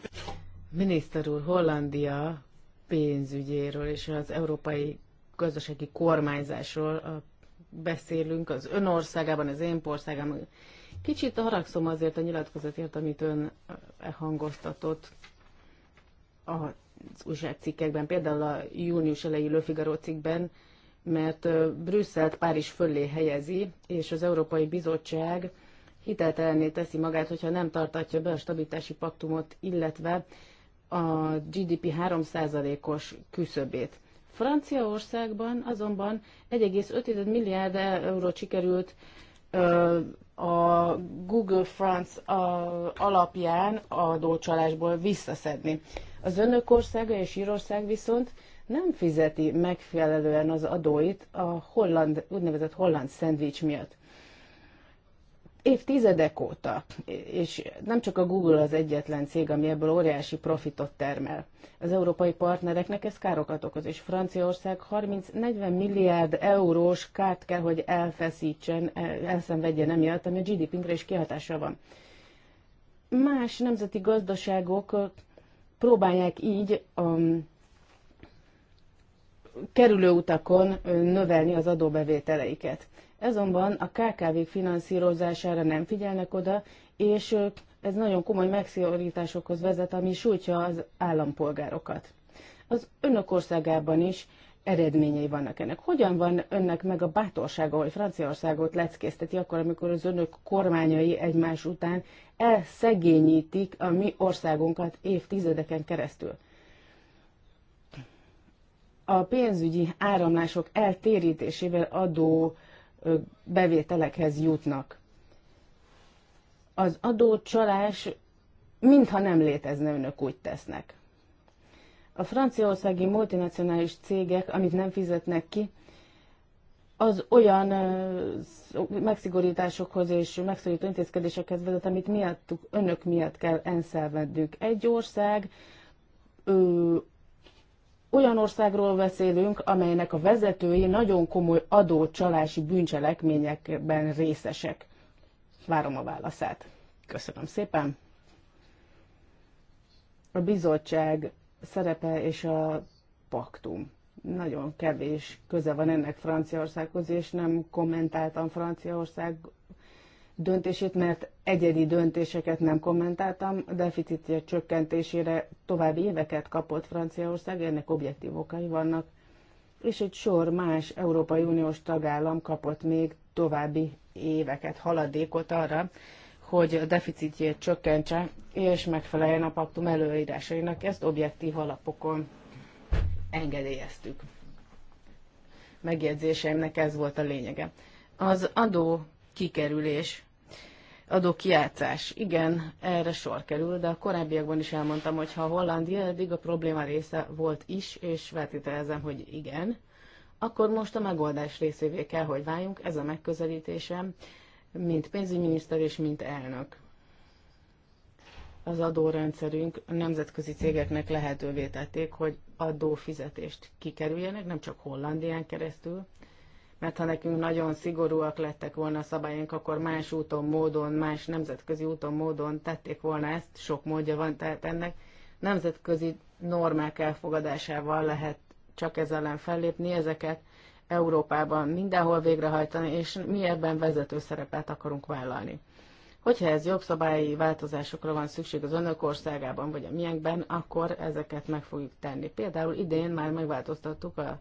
A: Miniszter úr, Hollandia pénzügyéről és az európai gazdasági kormányzásról, a beszélünk az ön országában, az én országában. Kicsit haragszom azért a nyilatkozatért, amit ön eh, hangoztatott az cikkekben, például a június elejé Le Figaro cikkben, mert eh, Brüsszelt Párizs fölé helyezi, és az Európai Bizottság hiteltelenné teszi magát, hogyha nem tartatja be a stabilitási paktumot, illetve a GDP 3%-os küszöbét. Franciaországban azonban 1,5 milliárd euró sikerült a Google France alapján adócsalásból visszaszedni. Az önök országa és Írország viszont nem fizeti megfelelően az adóit a holland, úgynevezett holland szendvics miatt évtizedek óta, és nem csak a Google az egyetlen cég, ami ebből óriási profitot termel. Az európai partnereknek ez károkat okoz, és Franciaország 30-40 milliárd eurós kárt kell, hogy elfeszítsen, elszenvedjen emiatt, ami a GDP-nkre is kihatása van. Más nemzeti gazdaságok próbálják így a kerülő utakon növelni az adóbevételeiket. Ezonban a KKV finanszírozására nem figyelnek oda, és ez nagyon komoly megszigorításokhoz vezet, ami sújtja az állampolgárokat. Az önök országában is eredményei vannak ennek. Hogyan van önnek meg a bátorsága, hogy Franciaországot leckészteti akkor, amikor az önök kormányai egymás után elszegényítik a mi országunkat évtizedeken keresztül? A pénzügyi áramlások eltérítésével adó bevételekhez jutnak. Az adócsalás, mintha nem létezne, önök úgy tesznek. A franciaországi multinacionális cégek, amit nem fizetnek ki, az olyan megszigorításokhoz és megszorító intézkedésekhez vezet, amit miattuk, önök miatt kell enszelvednünk. Egy ország ö, olyan országról beszélünk, amelynek a vezetői nagyon komoly adócsalási bűncselekményekben részesek. Várom a válaszát. Köszönöm szépen. A bizottság szerepe és a paktum. Nagyon kevés köze van ennek Franciaországhoz, és nem kommentáltam Franciaország döntését, mert egyedi döntéseket nem kommentáltam, a deficitje csökkentésére további éveket kapott Franciaország, ennek objektív okai vannak, és egy sor más Európai Uniós tagállam kapott még további éveket, haladékot arra, hogy a deficitjét csökkentse, és megfeleljen a paktum előírásainak. Ezt objektív alapokon engedélyeztük. Megjegyzéseimnek ez volt a lényege. Az adó kikerülés adókijátszás. Igen, erre sor kerül, de a korábbiakban is elmondtam, hogy ha Hollandia eddig a probléma része volt is, és feltételezem, hogy igen, akkor most a megoldás részévé kell, hogy váljunk. Ez a megközelítésem, mint pénzügyminiszter és mint elnök. Az adórendszerünk nemzetközi cégeknek lehetővé tették, hogy adófizetést kikerüljenek, nem csak Hollandián keresztül, mert ha nekünk nagyon szigorúak lettek volna a szabályunk, akkor más úton, módon, más nemzetközi úton, módon tették volna ezt, sok módja van, tehát ennek nemzetközi normák elfogadásával lehet csak ez ellen fellépni, ezeket Európában mindenhol végrehajtani, és mi ebben vezető szerepet akarunk vállalni. Hogyha ez jogszabályi változásokra van szükség az önök országában, vagy a miénkben, akkor ezeket meg fogjuk tenni. Például idén már megváltoztattuk a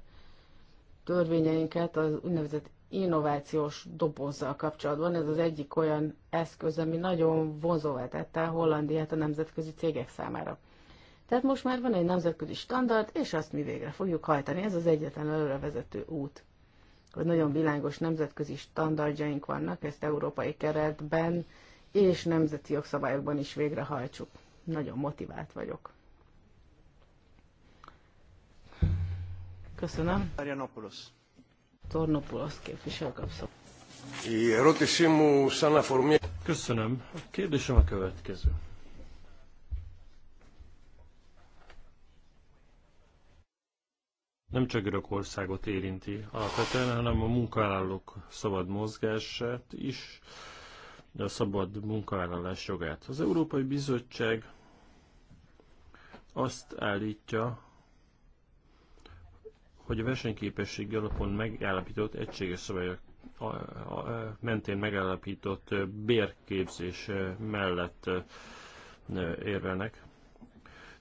A: törvényeinket az úgynevezett innovációs dobozzal kapcsolatban. Ez az egyik olyan eszköz, ami nagyon vonzóvá tette Hollandiát a nemzetközi cégek számára. Tehát most már van egy nemzetközi standard, és azt mi végre fogjuk hajtani. Ez az egyetlen előrevezető út. Hogy nagyon világos nemzetközi standardjaink vannak, ezt európai keretben és nemzeti jogszabályokban is végrehajtsuk. Nagyon motivált vagyok. Köszönöm. Arianopoulos. Tornopoulos képviselő
C: Köszönöm. A kérdésem a következő. nem csak Görögországot érinti alapvetően, hanem a munkavállalók szabad mozgását is, de a szabad munkavállalás jogát. Az Európai Bizottság azt állítja, hogy a versenyképességi alapon megállapított egységes szabályok mentén megállapított bérképzés mellett érvelnek.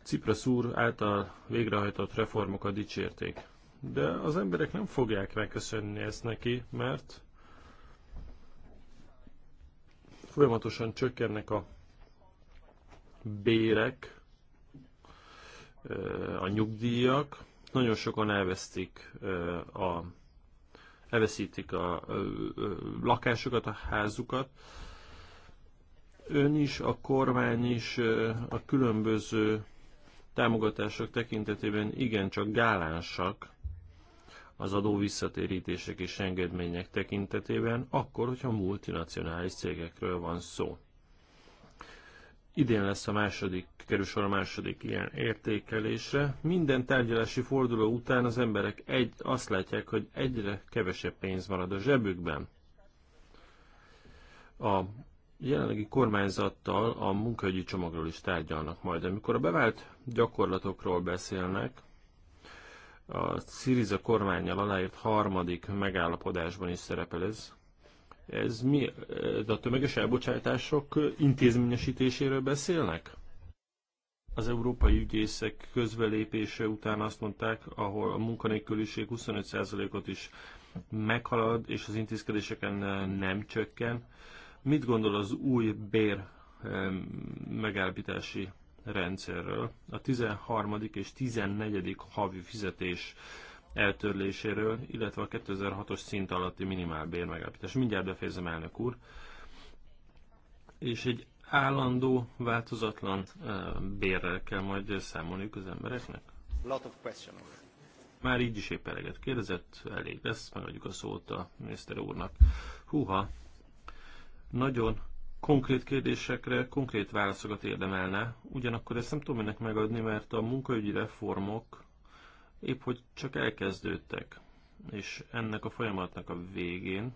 C: Ciprus úr által végrehajtott reformokat dicsérték. De az emberek nem fogják megköszönni ezt neki, mert folyamatosan csökkennek a bérek, a nyugdíjak, nagyon sokan elvesztik a elveszítik a lakásukat, a házukat. Ön is, a kormány is a különböző támogatások tekintetében igencsak gálánsak az adó visszatérítések és engedmények tekintetében, akkor, hogyha multinacionális cégekről van szó idén lesz a második, kerül sor a második ilyen értékelésre. Minden tárgyalási forduló után az emberek egy, azt látják, hogy egyre kevesebb pénz marad a zsebükben. A jelenlegi kormányzattal a munkahogyi csomagról is tárgyalnak majd. Amikor a bevált gyakorlatokról beszélnek, a Sziriza kormányjal aláírt harmadik megállapodásban is szerepel ez, ez mi? De a tömeges elbocsátások intézményesítéséről beszélnek? Az európai ügyészek közbelépése után azt mondták, ahol a munkanélküliség 25%-ot is meghalad, és az intézkedéseken nem csökken. Mit gondol az új bér megállapítási rendszerről? A 13. és 14. havi fizetés eltörléséről, illetve a 2006-os szint alatti minimálbér megállapítás. Mindjárt befejezem, elnök úr. És egy állandó, változatlan bérrel kell majd számolniuk az embereknek? Lot of Már így is épp eleget kérdezett, elég lesz, megadjuk a szót a miniszter úrnak. Húha, nagyon konkrét kérdésekre konkrét válaszokat érdemelne, ugyanakkor ezt nem tudom ennek megadni, mert a munkaügyi reformok épp hogy csak elkezdődtek, és ennek a folyamatnak a végén,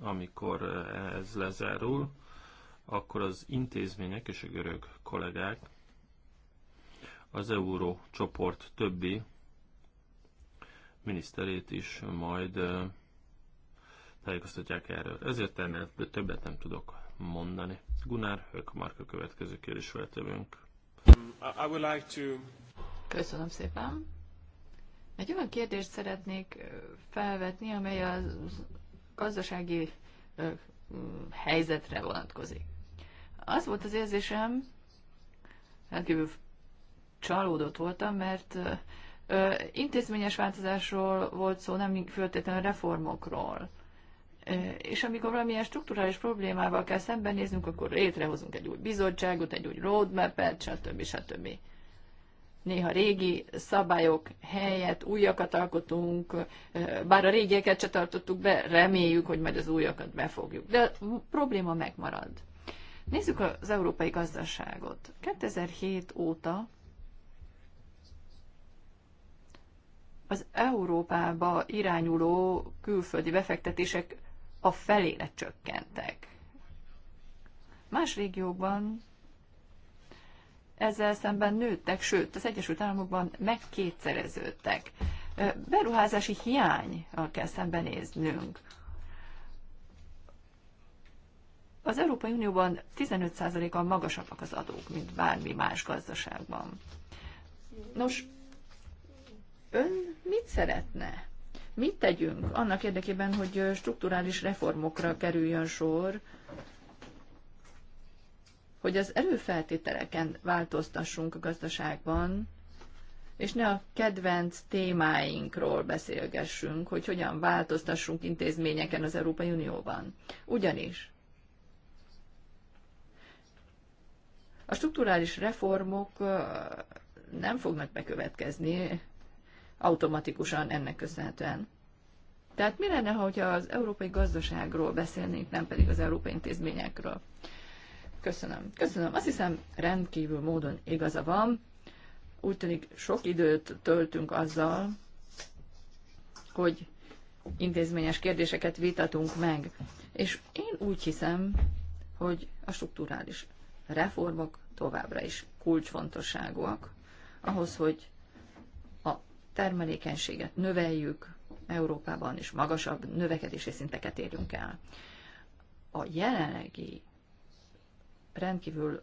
C: amikor ez lezárul, akkor az intézmények és a görög kollégák az euró csoport többi miniszterét is majd tájékoztatják erről. Ezért ennél többet nem tudok mondani. Gunár hök, a következő kérdésfeltevőnk. Like
B: Köszönöm szépen. Egy olyan kérdést szeretnék felvetni, amely a gazdasági helyzetre vonatkozik. Az volt az érzésem, rendkívül csalódott voltam, mert intézményes változásról volt szó, nem föltétlenül reformokról. És amikor valamilyen strukturális problémával kell szembenéznünk, akkor létrehozunk egy új bizottságot, egy új roadmap-et, stb. stb. stb néha régi szabályok helyett újakat alkotunk, bár a régieket se tartottuk be, reméljük, hogy majd az újakat befogjuk. De a probléma megmarad. Nézzük az európai gazdaságot. 2007 óta az Európába irányuló külföldi befektetések a felére csökkentek. Más régiókban ezzel szemben nőttek, sőt, az Egyesült Államokban megkétszereződtek. Beruházási hiány kell szembenéznünk. Az Európai Unióban 15%-kal magasabbak az adók, mint bármi más gazdaságban. Nos, ön mit szeretne? Mit tegyünk annak érdekében, hogy strukturális reformokra kerüljön sor, hogy az erőfeltételeken változtassunk a gazdaságban, és ne a kedvenc témáinkról beszélgessünk, hogy hogyan változtassunk intézményeken az Európai Unióban. Ugyanis a strukturális reformok nem fognak bekövetkezni automatikusan ennek köszönhetően. Tehát mi lenne, ha az európai gazdaságról beszélnénk, nem pedig az európai intézményekről? Köszönöm. Köszönöm. Azt hiszem rendkívül módon igaza van. Úgy tűnik sok időt töltünk azzal, hogy intézményes kérdéseket vitatunk meg. És én úgy hiszem, hogy a strukturális reformok továbbra is kulcsfontosságúak ahhoz, hogy a termelékenységet növeljük Európában, és magasabb növekedési szinteket érjünk el. A jelenlegi rendkívül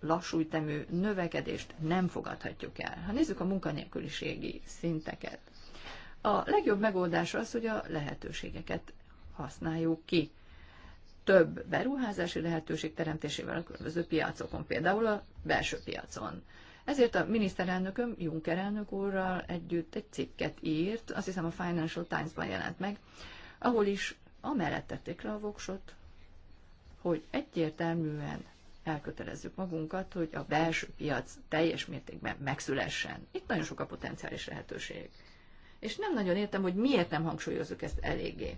B: lassú ütemű növekedést nem fogadhatjuk el. Ha nézzük a munkanélküliségi szinteket, a legjobb megoldás az, hogy a lehetőségeket használjuk ki. Több beruházási lehetőség teremtésével a különböző piacokon, például a belső piacon. Ezért a miniszterelnököm Juncker elnök úrral együtt egy cikket írt, azt hiszem a Financial Times-ban jelent meg, ahol is amellett tették le a voksot, hogy egyértelműen elkötelezzük magunkat, hogy a belső piac teljes mértékben megszülessen. Itt nagyon sok a potenciális lehetőség. És nem nagyon értem, hogy miért nem hangsúlyozzuk ezt eléggé.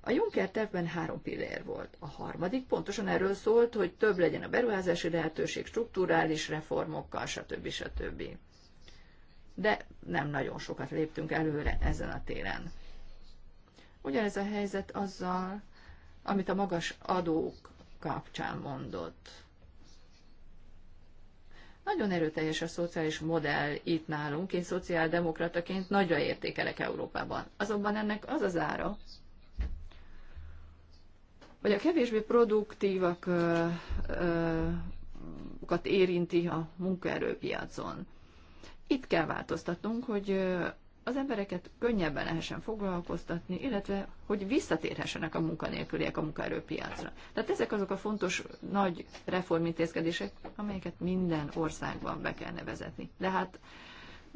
B: A Juncker tervben három pillér volt. A harmadik pontosan erről szólt, hogy több legyen a beruházási lehetőség, strukturális reformokkal, stb. stb. De nem nagyon sokat léptünk előre ezen a téren. Ugyanez a helyzet azzal, amit a magas adók kapcsán mondott. Nagyon erőteljes a szociális modell itt nálunk, én szociáldemokrataként nagyra értékelek Európában. Azonban ennek az az ára, vagy a kevésbé produktívakat érinti a munkaerőpiacon. Itt kell változtatnunk, hogy az embereket könnyebben lehessen foglalkoztatni, illetve hogy visszatérhessenek a munkanélküliek a munkaerőpiacra. Tehát ezek azok a fontos nagy reformintézkedések, amelyeket minden országban be kell nevezetni. De hát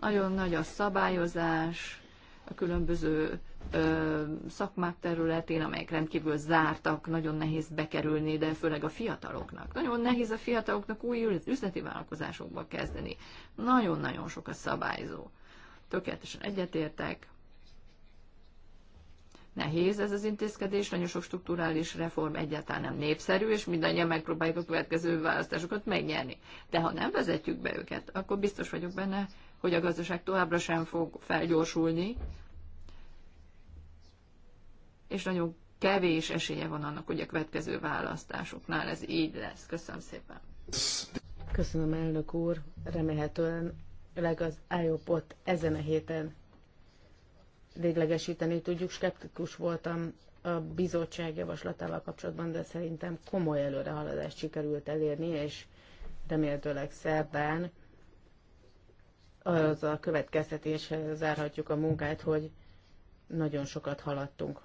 B: nagyon nagy a szabályozás, a különböző ö, szakmák területén, amelyek rendkívül zártak, nagyon nehéz bekerülni, de főleg a fiataloknak. Nagyon nehéz a fiataloknak új üzleti vállalkozásokba kezdeni. Nagyon-nagyon sok a szabályzó tökéletesen egyetértek. Nehéz ez az intézkedés, nagyon sok strukturális reform egyáltalán nem népszerű, és mindannyian megpróbáljuk a következő választásokat megnyerni. De ha nem vezetjük be őket, akkor biztos vagyok benne, hogy a gazdaság továbbra sem fog felgyorsulni, és nagyon kevés esélye van annak, hogy a következő választásoknál ez így lesz. Köszönöm szépen.
A: Köszönöm, elnök úr. Remélhetően leg az IOP-ot ezen a héten véglegesíteni tudjuk. Skeptikus voltam a bizottság javaslatával kapcsolatban, de szerintem komoly előrehaladást sikerült elérni, és remélhetőleg szerdán az a következtetéshez zárhatjuk a munkát, hogy nagyon sokat haladtunk.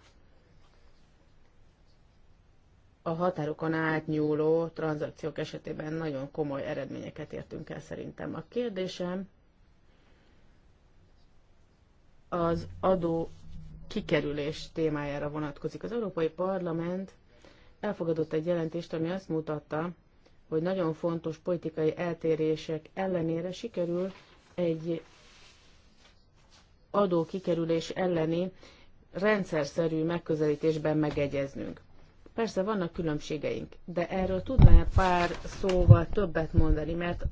A: A határokon átnyúló tranzakciók esetében nagyon komoly eredményeket értünk el szerintem. A kérdésem, az adó kikerülés témájára vonatkozik. Az Európai Parlament elfogadott egy jelentést, ami azt mutatta, hogy nagyon fontos politikai eltérések ellenére sikerül egy adó kikerülés elleni rendszerszerű megközelítésben megegyeznünk. Persze vannak különbségeink, de erről tudná pár szóval többet mondani, mert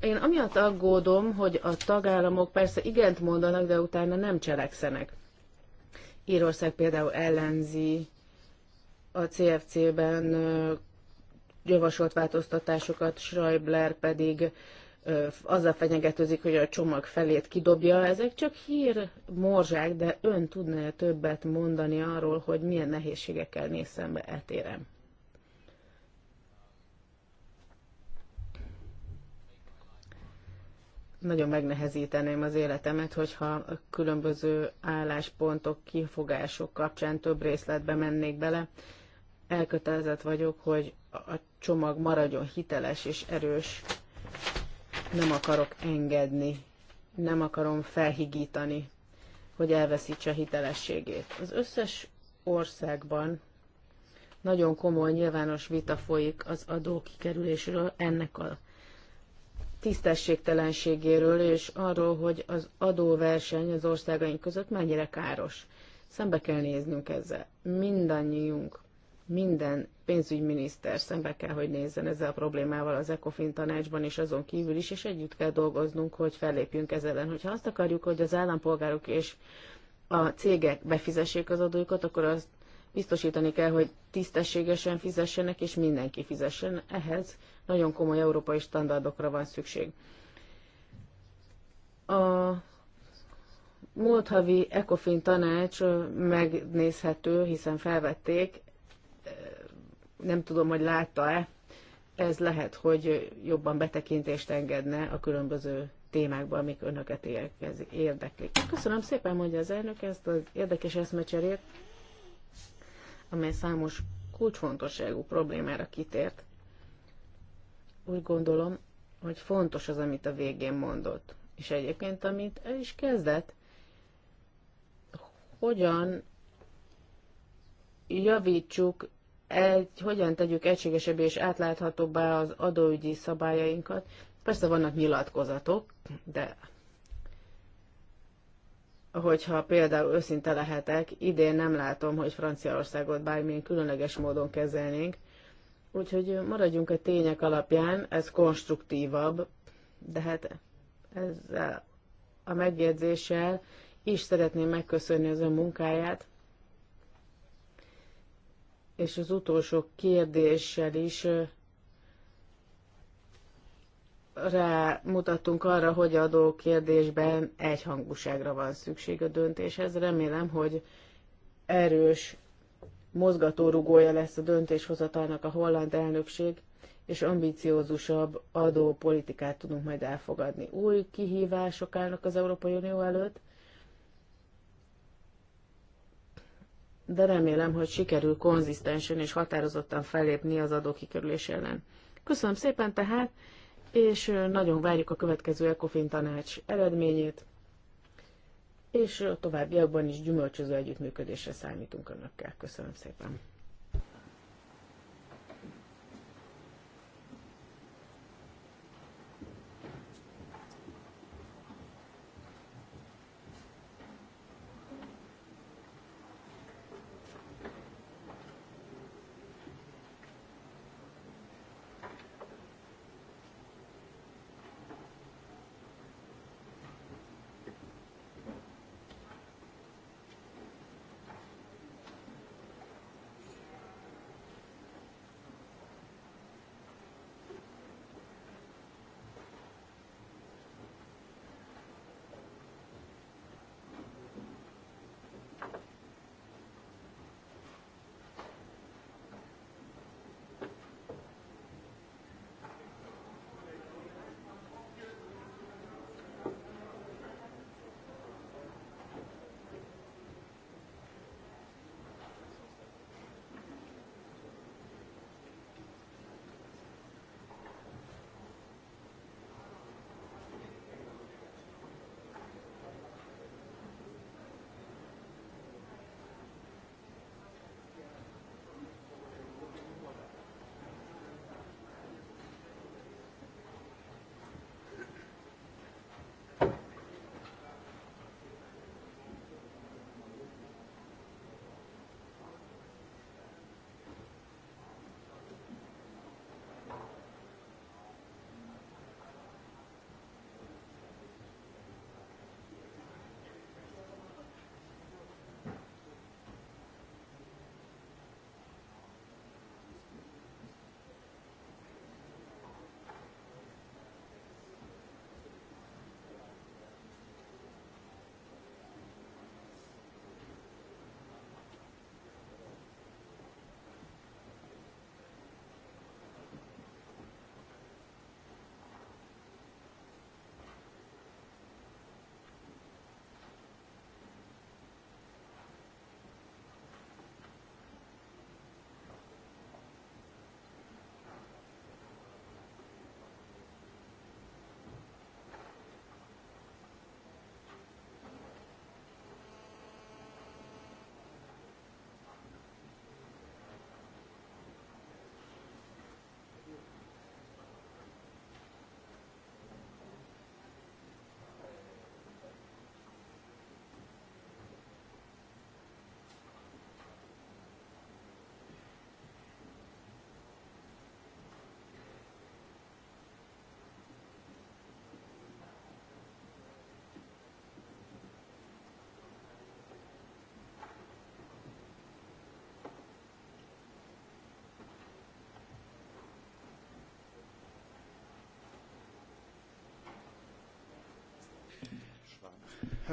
A: én amiatt aggódom, hogy a tagállamok persze igent mondanak, de utána nem cselekszenek. Írország például ellenzi a CFC-ben javasolt változtatásokat, Schreibler pedig azzal fenyegetőzik, hogy a csomag felét kidobja. Ezek csak hír morzsák, de ön tudna -e többet mondani arról, hogy milyen nehézségekkel néz szembe etérem? nagyon megnehezíteném az életemet, hogyha különböző álláspontok, kifogások kapcsán több részletbe mennék bele. Elkötelezett vagyok, hogy a csomag maradjon hiteles és erős. Nem akarok engedni, nem akarom felhigítani, hogy elveszítse a hitelességét. Az összes országban nagyon komoly nyilvános vita folyik az adókikerülésről ennek a tisztességtelenségéről és arról, hogy az adóverseny az országaink között mennyire káros. Szembe kell néznünk ezzel. Mindannyiunk, minden pénzügyminiszter szembe kell, hogy nézzen ezzel a problémával az ECOFIN tanácsban és azon kívül is, és együtt kell dolgoznunk, hogy fellépjünk ezzel ellen. Hogyha azt akarjuk, hogy az állampolgárok és a cégek befizessék az adójukat, akkor azt biztosítani kell, hogy tisztességesen fizessenek, és mindenki fizessen. Ehhez nagyon komoly európai standardokra van szükség. A múlt havi ECOFIN tanács megnézhető, hiszen felvették, nem tudom, hogy látta-e, ez lehet, hogy jobban betekintést engedne a különböző témákba, amik önöket érdeklik. Köszönöm szépen, mondja az elnök ezt az érdekes eszmecserét amely számos kulcsfontosságú problémára kitért. Úgy gondolom, hogy fontos az, amit a végén mondott. És egyébként, amit el is kezdett, hogyan javítsuk, egy, hogyan tegyük egységesebbé és átláthatóbbá az adóügyi szabályainkat. Persze vannak nyilatkozatok, de hogyha például őszinte lehetek, idén nem látom, hogy Franciaországot bármilyen különleges módon kezelnénk, úgyhogy maradjunk a tények alapján, ez konstruktívabb, de hát ezzel a megjegyzéssel is szeretném megköszönni az ön munkáját, és az utolsó kérdéssel is rámutattunk arra, hogy adó kérdésben egyhangúságra van szükség a döntéshez. Remélem, hogy erős mozgatórugója lesz a döntéshozatalnak a holland elnökség, és ambiciózusabb adópolitikát tudunk majd elfogadni. Új kihívások állnak az Európai Unió előtt, de remélem, hogy sikerül konzisztensen és határozottan fellépni az adókikerülés ellen. Köszönöm szépen tehát, és nagyon várjuk a következő ECOFIN tanács eredményét, és a továbbiakban is gyümölcsöző együttműködésre számítunk önökkel. Köszönöm szépen!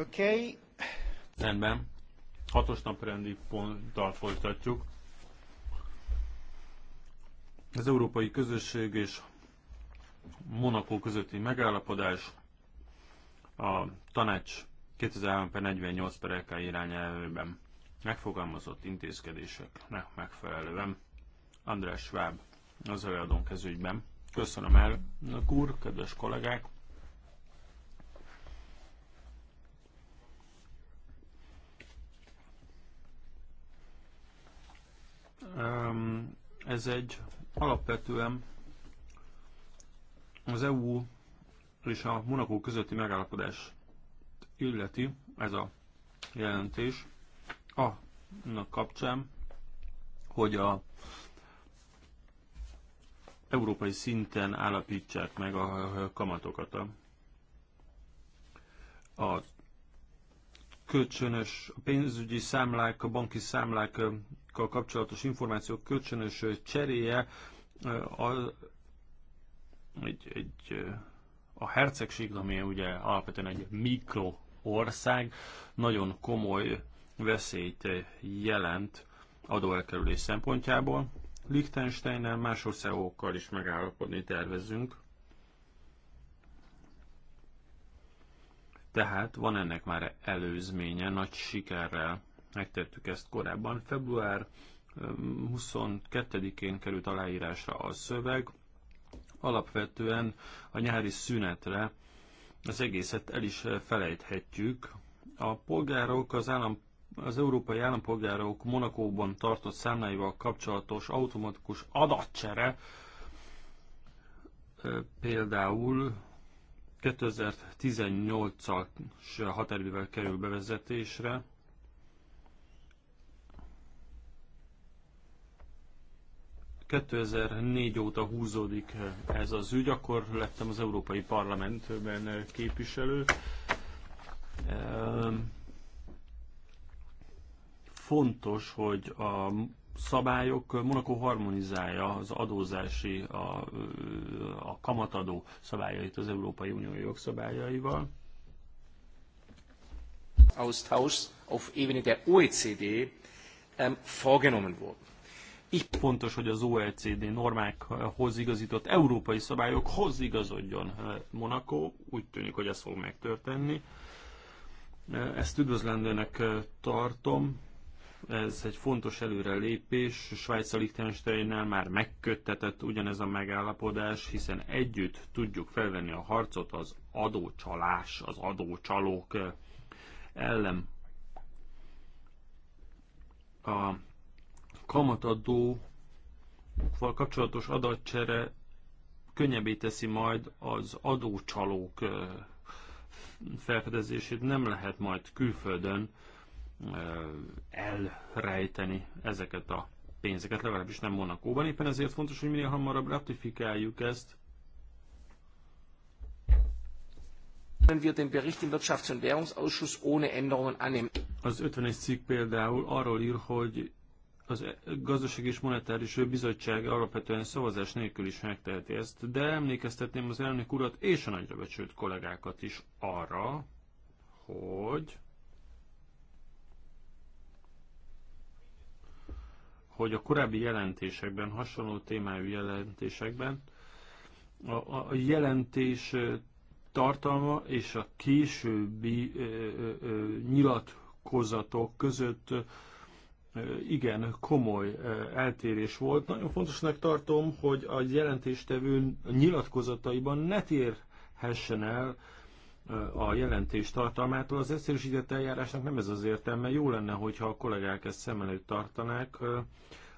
B: Okay.
C: Rendben. Hatos naprendi ponttal folytatjuk. Az Európai Közösség és Monaco közötti megállapodás a tanács 2003 per 48 per LK irányelvében megfogalmazott intézkedéseknek megfelelően. András Schwab az előadónk ez ügyben. Köszönöm el, úr, kedves kollégák! Ez egy alapvetően az EU és a Monaco közötti megállapodás illeti, ez a jelentés, annak kapcsán, hogy a európai szinten állapítsák meg a kamatokat. A, a kölcsönös pénzügyi számlák, a banki számlák kal kapcsolatos információk kölcsönös cseréje a, egy, egy, a hercegség, ami ugye alapvetően egy mikro ország, nagyon komoly veszélyt jelent adóelkerülés szempontjából. Liechtensteinnel, más országokkal is megállapodni tervezünk. Tehát van ennek már előzménye nagy sikerrel. Megtettük ezt korábban. Február 22-én került aláírásra a szöveg. Alapvetően a nyári szünetre az egészet el is felejthetjük. A polgárok, az, állam, az európai állampolgárok Monakóban tartott számláival kapcsolatos automatikus adatcsere például 2018-as határidővel kerül bevezetésre, 2004 óta húzódik ez az ügy, akkor lettem az Európai Parlamentben képviselő. Ehm, fontos, hogy a szabályok, Monaco harmonizálja az adózási, a, a kamatadó szabályait az Európai Unió jogszabályaival. Austausch auf Ebene der OECD ähm, vorgenommen wurden. Így fontos, hogy az OECD normákhoz igazított európai szabályokhoz igazodjon eh, Monaco. Úgy tűnik, hogy ez fog megtörténni. Eh, ezt üdvözlendőnek eh, tartom. Ez egy fontos előrelépés. Svájc Liechtensteinnel már megköttetett ugyanez a megállapodás, hiszen együtt tudjuk felvenni a harcot az adócsalás, az adócsalók ellen. A kamatadóval kapcsolatos adatcsere könnyebbé teszi majd az adócsalók felfedezését, nem lehet majd külföldön elrejteni ezeket a pénzeket, legalábbis nem Monakóban. Éppen ezért fontos, hogy minél hamarabb ratifikáljuk ezt. wir den Bericht im Wirtschafts- und Währungsausschuss ohne Änderungen annehmen. Az 50-es cikk például arról ír, hogy az Gazdasági és Monetáris Bizottság alapvetően szavazás nélkül is megteheti ezt, de emlékeztetném az elnök urat és a nagyra becsült kollégákat is arra, hogy hogy a korábbi jelentésekben, hasonló témájú jelentésekben a, a, a jelentés tartalma és a későbbi ö, ö, ö, nyilatkozatok között ö, igen komoly eltérés volt. Nagyon fontosnak tartom, hogy a jelentéstevő nyilatkozataiban ne térhessen el a jelentés tartalmától. Az egyszerűsített eljárásnak nem ez az értelme. Jó lenne, hogyha a kollégák ezt szem előtt tartanák.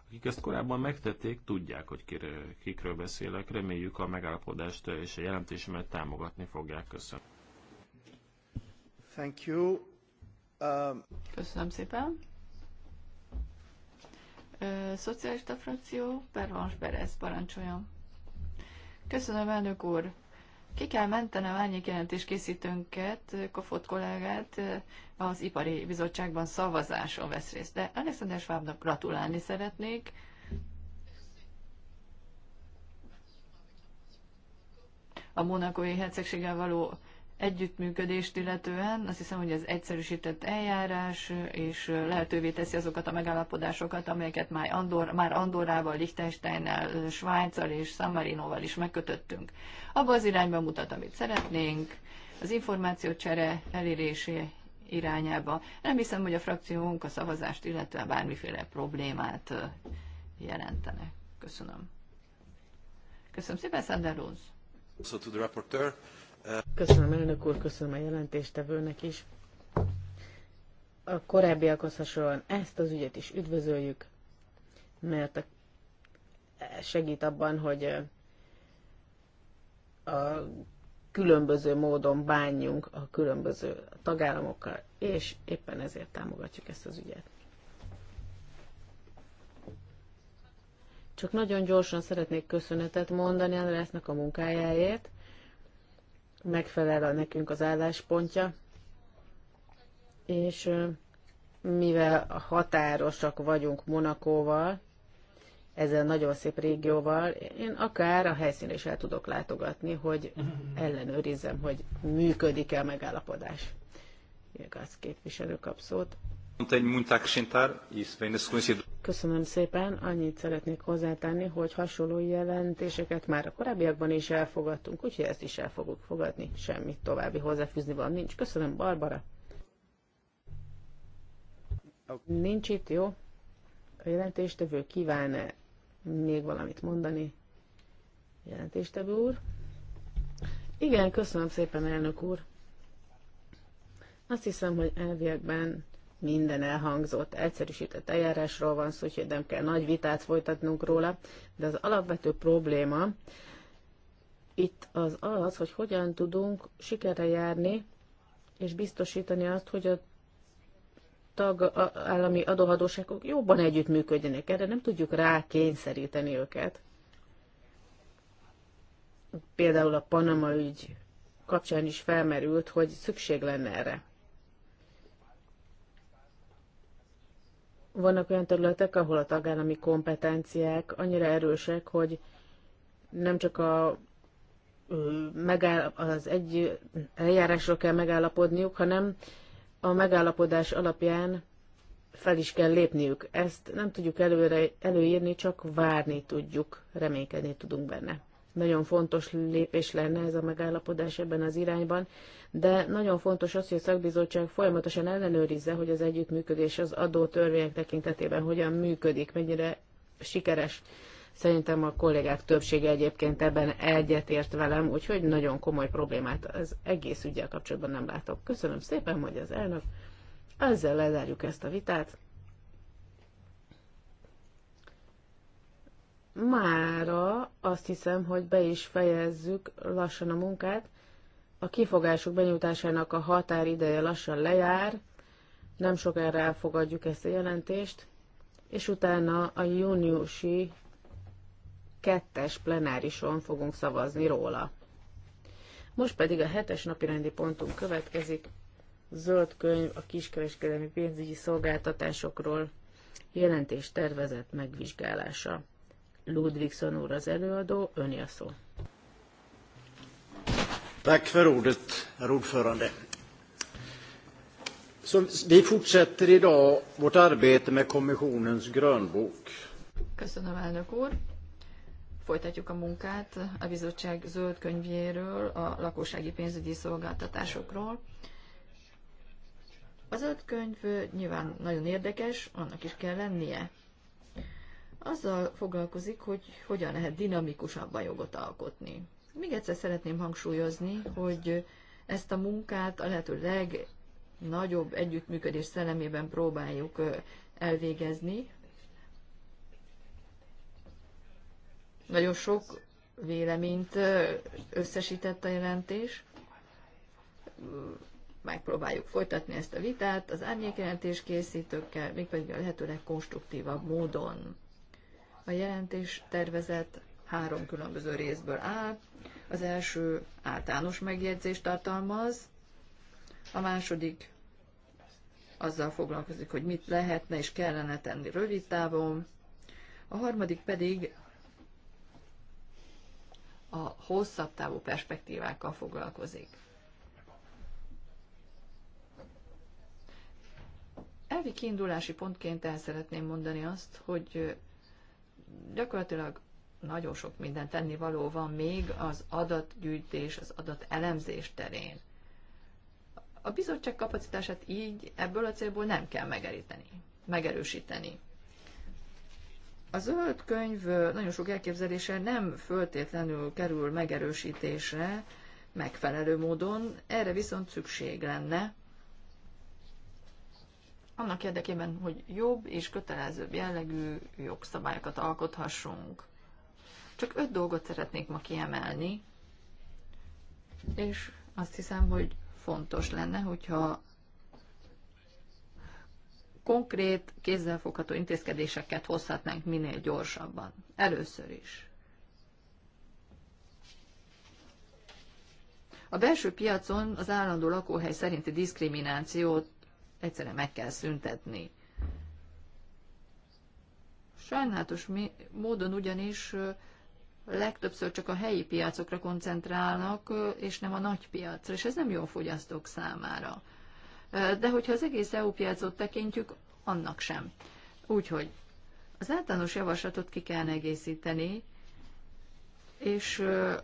C: Akik ezt korábban megtették, tudják, hogy kikről beszélek. Reméljük a megállapodást és a jelentésemet támogatni fogják. Köszönöm.
B: Thank you. Um... Köszönöm szépen. Szocialista frakció, Pervans Berez, parancsoljon. Köszönöm, elnök úr. Ki kell mentenem árnyék jelentés készítőnket, Kofot kollégát, az Ipari Bizottságban szavazáson vesz részt. De Alexander Schwabnak gratulálni szeretnék. A monakói hercegséggel való együttműködést illetően azt hiszem, hogy ez egyszerűsített eljárás és lehetővé teszi azokat a megállapodásokat, amelyeket már, Andor, már Andorrával, Liechtensteinnel, Svájccal és San Marinoval is megkötöttünk. Abba az irányba mutat, amit szeretnénk, az információcsere elérésé irányába. Nem hiszem, hogy a frakciónk a szavazást, illetve bármiféle problémát jelentene. Köszönöm. Köszönöm szépen, Sander
C: Rose.
B: Köszönöm elnök úr,
A: köszönöm a jelentéstevőnek is. A korábbiakhoz hasonlóan ezt az ügyet is üdvözöljük, mert segít abban, hogy a különböző módon bánjunk a különböző tagállamokkal, és éppen ezért támogatjuk ezt az ügyet. Csak nagyon gyorsan szeretnék köszönetet mondani Andrásznak a munkájáért, megfelel a nekünk az álláspontja, és mivel határosak vagyunk Monakóval, ezzel nagyon szép régióval, én akár a helyszínre is el tudok látogatni, hogy ellenőrizzem, hogy működik-e a megállapodás. Jogász képviselő kap szót. Köszönöm szépen. Annyit szeretnék hozzátenni, hogy hasonló jelentéseket már a korábbiakban is elfogadtunk, úgyhogy ezt is el fogok fogadni. Semmit további hozzáfűzni van nincs. Köszönöm, Barbara. Nincs itt, jó? A jelentéstevő kíván-e még valamit mondani? Jelentéstevő úr? Igen, köszönöm szépen, elnök úr. Azt hiszem, hogy elviekben minden elhangzott, egyszerűsített eljárásról van szó, úgyhogy nem kell nagy vitát folytatnunk róla, de az alapvető probléma itt az az, hogy hogyan tudunk sikere járni, és biztosítani azt, hogy a tagállami adóhatóságok jobban együttműködjenek. Erre nem tudjuk rá kényszeríteni őket. Például a Panama ügy kapcsán is felmerült, hogy szükség lenne erre. Vannak olyan területek, ahol a tagállami kompetenciák annyira erősek, hogy nem csak a megáll, az egy eljárásra kell megállapodniuk, hanem a megállapodás alapján fel is kell lépniük. Ezt nem tudjuk előre előírni, csak várni tudjuk, reménykedni tudunk benne. Nagyon fontos lépés lenne ez a megállapodás ebben az irányban, de nagyon fontos az, hogy a szakbizottság folyamatosan ellenőrizze, hogy az együttműködés az törvények tekintetében hogyan működik, mennyire sikeres. Szerintem a kollégák többsége egyébként ebben egyetért velem, úgyhogy nagyon komoly problémát az egész ügyel kapcsolatban nem látok. Köszönöm szépen, hogy az elnök. Ezzel lezárjuk ezt a vitát. mára azt hiszem, hogy be is fejezzük lassan a munkát. A kifogások benyújtásának a határideje lassan lejár, nem sokára elfogadjuk ezt a jelentést, és utána a júniusi kettes plenárison fogunk szavazni róla. Most pedig a hetes napi rendi pontunk következik, zöld könyv a kiskereskedelmi pénzügyi szolgáltatásokról jelentés tervezett megvizsgálása. Ludvigsson úr az előadó, öni a szó.
C: Tack för ordet, herr ordförande. Som, vi fortsätter idag vårt arbete med kommissionens grönbok.
B: Köszönöm, elnök úr. Folytatjuk a munkát a bizottság zöld könyvéről, a lakossági pénzügyi szolgáltatásokról. A zöld könyv nyilván nagyon érdekes, annak is kell lennie azzal foglalkozik, hogy hogyan lehet dinamikusabban jogot alkotni. Még egyszer szeretném hangsúlyozni, hogy ezt a munkát a lehető legnagyobb együttműködés szellemében próbáljuk elvégezni. Nagyon sok véleményt összesített a jelentés. Megpróbáljuk folytatni ezt a vitát az árnyékjelentés készítőkkel, mégpedig a lehető legkonstruktívabb módon. A jelentés tervezett három különböző részből áll. Az első általános megjegyzést tartalmaz, a második azzal foglalkozik, hogy mit lehetne és kellene tenni rövid távon, a harmadik pedig a hosszabb távú perspektívákkal foglalkozik. Elvi kiindulási pontként el szeretném mondani azt, hogy gyakorlatilag nagyon sok minden tennivaló van még az adatgyűjtés, az adatelemzés terén. A bizottság kapacitását így ebből a célból nem kell megeríteni, megerősíteni. A zöld könyv nagyon sok elképzelése nem föltétlenül kerül megerősítésre megfelelő módon, erre viszont szükség lenne, annak érdekében, hogy jobb és kötelezőbb jellegű jogszabályokat alkothassunk. Csak öt dolgot szeretnék ma kiemelni, és azt hiszem, hogy fontos lenne, hogyha konkrét, kézzelfogható intézkedéseket hozhatnánk minél gyorsabban. Először is. A belső piacon az állandó lakóhely szerinti diszkriminációt egyszerűen meg kell szüntetni. Sajnálatos módon ugyanis legtöbbször csak a helyi piacokra koncentrálnak, és nem a nagy piacra, és ez nem jó a fogyasztók számára. De hogyha az egész EU piacot tekintjük, annak sem. Úgyhogy az általános javaslatot ki kell egészíteni, és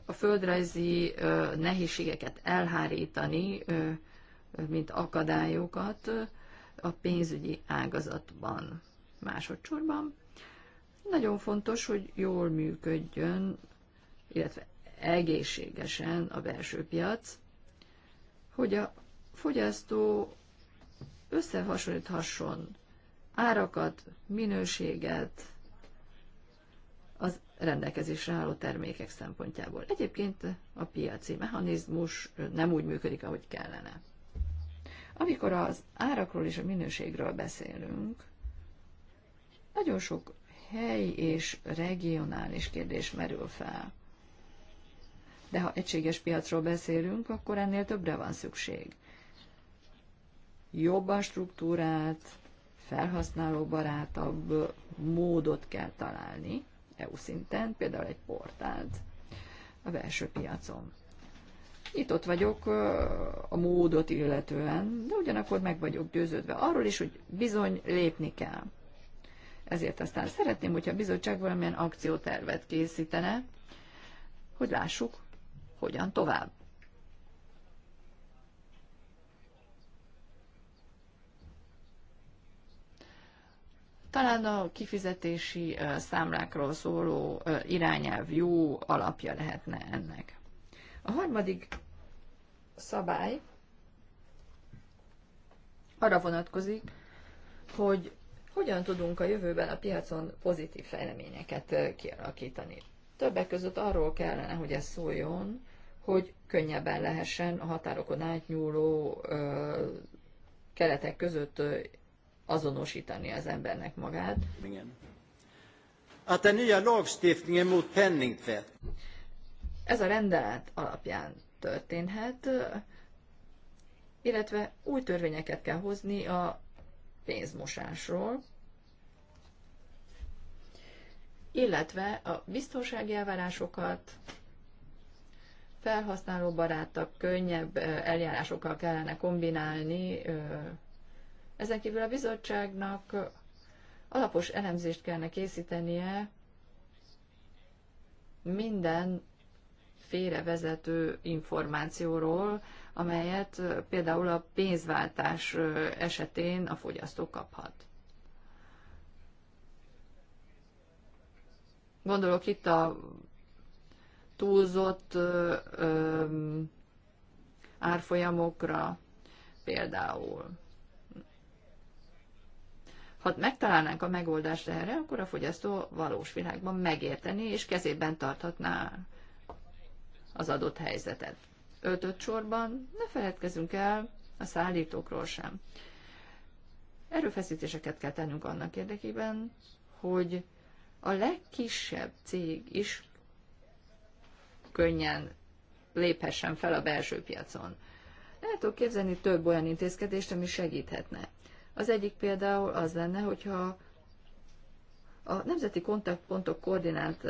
B: a földrajzi nehézségeket elhárítani, mint akadályokat a pénzügyi ágazatban. Másodszorban nagyon fontos, hogy jól működjön, illetve egészségesen a belső piac, hogy a fogyasztó összehasonlíthasson árakat, minőséget az rendelkezésre álló termékek szempontjából. Egyébként a piaci mechanizmus nem úgy működik, ahogy kellene. Amikor az árakról és a minőségről beszélünk, nagyon sok helyi és regionális kérdés merül fel. De ha egységes piacról beszélünk, akkor ennél többre van szükség. Jobb a struktúrát, felhasználóbarátabb módot kell találni, EU szinten, például egy portált a belső piacon nyitott vagyok a módot illetően, de ugyanakkor meg vagyok győződve arról is, hogy bizony lépni kell. Ezért aztán szeretném, hogyha a bizottság valamilyen akciótervet készítene, hogy lássuk, hogyan tovább. Talán a kifizetési számlákról szóló irányelv jó alapja lehetne ennek. A harmadik szabály arra vonatkozik, hogy hogyan tudunk a jövőben a piacon pozitív fejleményeket eh, kialakítani. Többek között arról kellene, hogy ez szóljon, hogy könnyebben lehessen a határokon átnyúló ö, eh, keretek között ö, eh, azonosítani az embernek magát. Igen. A te nya lagstiftningen mot penningtvätt ez a rendelet alapján történhet, illetve új törvényeket kell hozni a pénzmosásról, illetve a biztonsági elvárásokat felhasználóbarátabb, könnyebb eljárásokkal kellene kombinálni. Ezen kívül a bizottságnak alapos elemzést kellene készítenie minden félrevezető információról, amelyet például a pénzváltás esetén a fogyasztó kaphat. Gondolok itt a túlzott ö, árfolyamokra például. Ha megtalálnánk a megoldást erre, akkor a fogyasztó valós világban megérteni és kezében tarthatná az adott helyzetet. Ötöt sorban ne feledkezzünk el a szállítókról sem. Erőfeszítéseket kell tennünk annak érdekében, hogy a legkisebb cég is könnyen léphessen fel a belső piacon. El tudok képzelni több olyan intézkedést, ami segíthetne. Az egyik például az lenne, hogyha a nemzeti kontaktpontok koordinált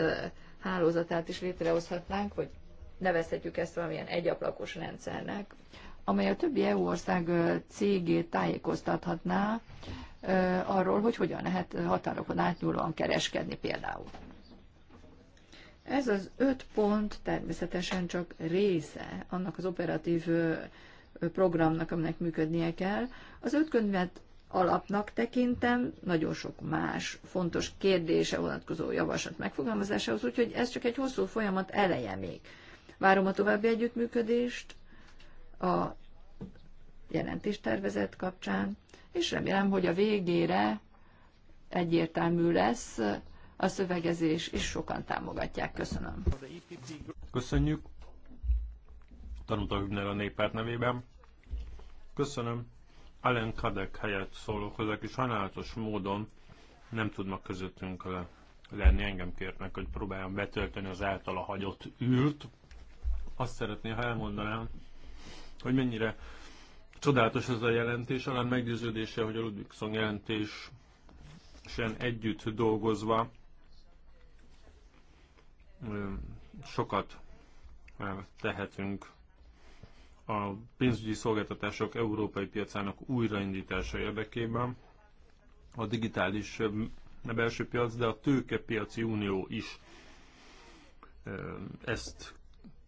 B: hálózatát is létrehozhatnánk, hogy nevezhetjük ezt valamilyen egyablakos rendszernek, amely a többi EU ország cégét tájékoztathatná arról, hogy hogyan lehet határokon átnyúlóan kereskedni például. Ez az öt pont természetesen csak része annak az operatív programnak, aminek működnie kell. Az öt könyvet alapnak tekintem, nagyon sok más fontos kérdése vonatkozó javaslat megfogalmazásához, úgyhogy ez csak egy hosszú folyamat eleje még. Várom a további együttműködést a jelentéstervezet kapcsán, és remélem, hogy a végére egyértelmű lesz a szövegezés, és sokan támogatják. Köszönöm.
C: Köszönjük. Tanulta Hübner a néppárt nevében. Köszönöm. Allen Kadek helyett szólok hozzá, és sajnálatos módon nem tudnak közöttünk lenni. Engem kérnek, hogy próbáljam betölteni az általa hagyott ült azt szeretné, ha elmondanám, hogy mennyire csodálatos ez a jelentés, alán meggyőződése, hogy a Ludwigson sen együtt dolgozva sokat tehetünk a pénzügyi szolgáltatások európai piacának újraindítása érdekében. A digitális belső piac, de a tőkepiaci unió is ezt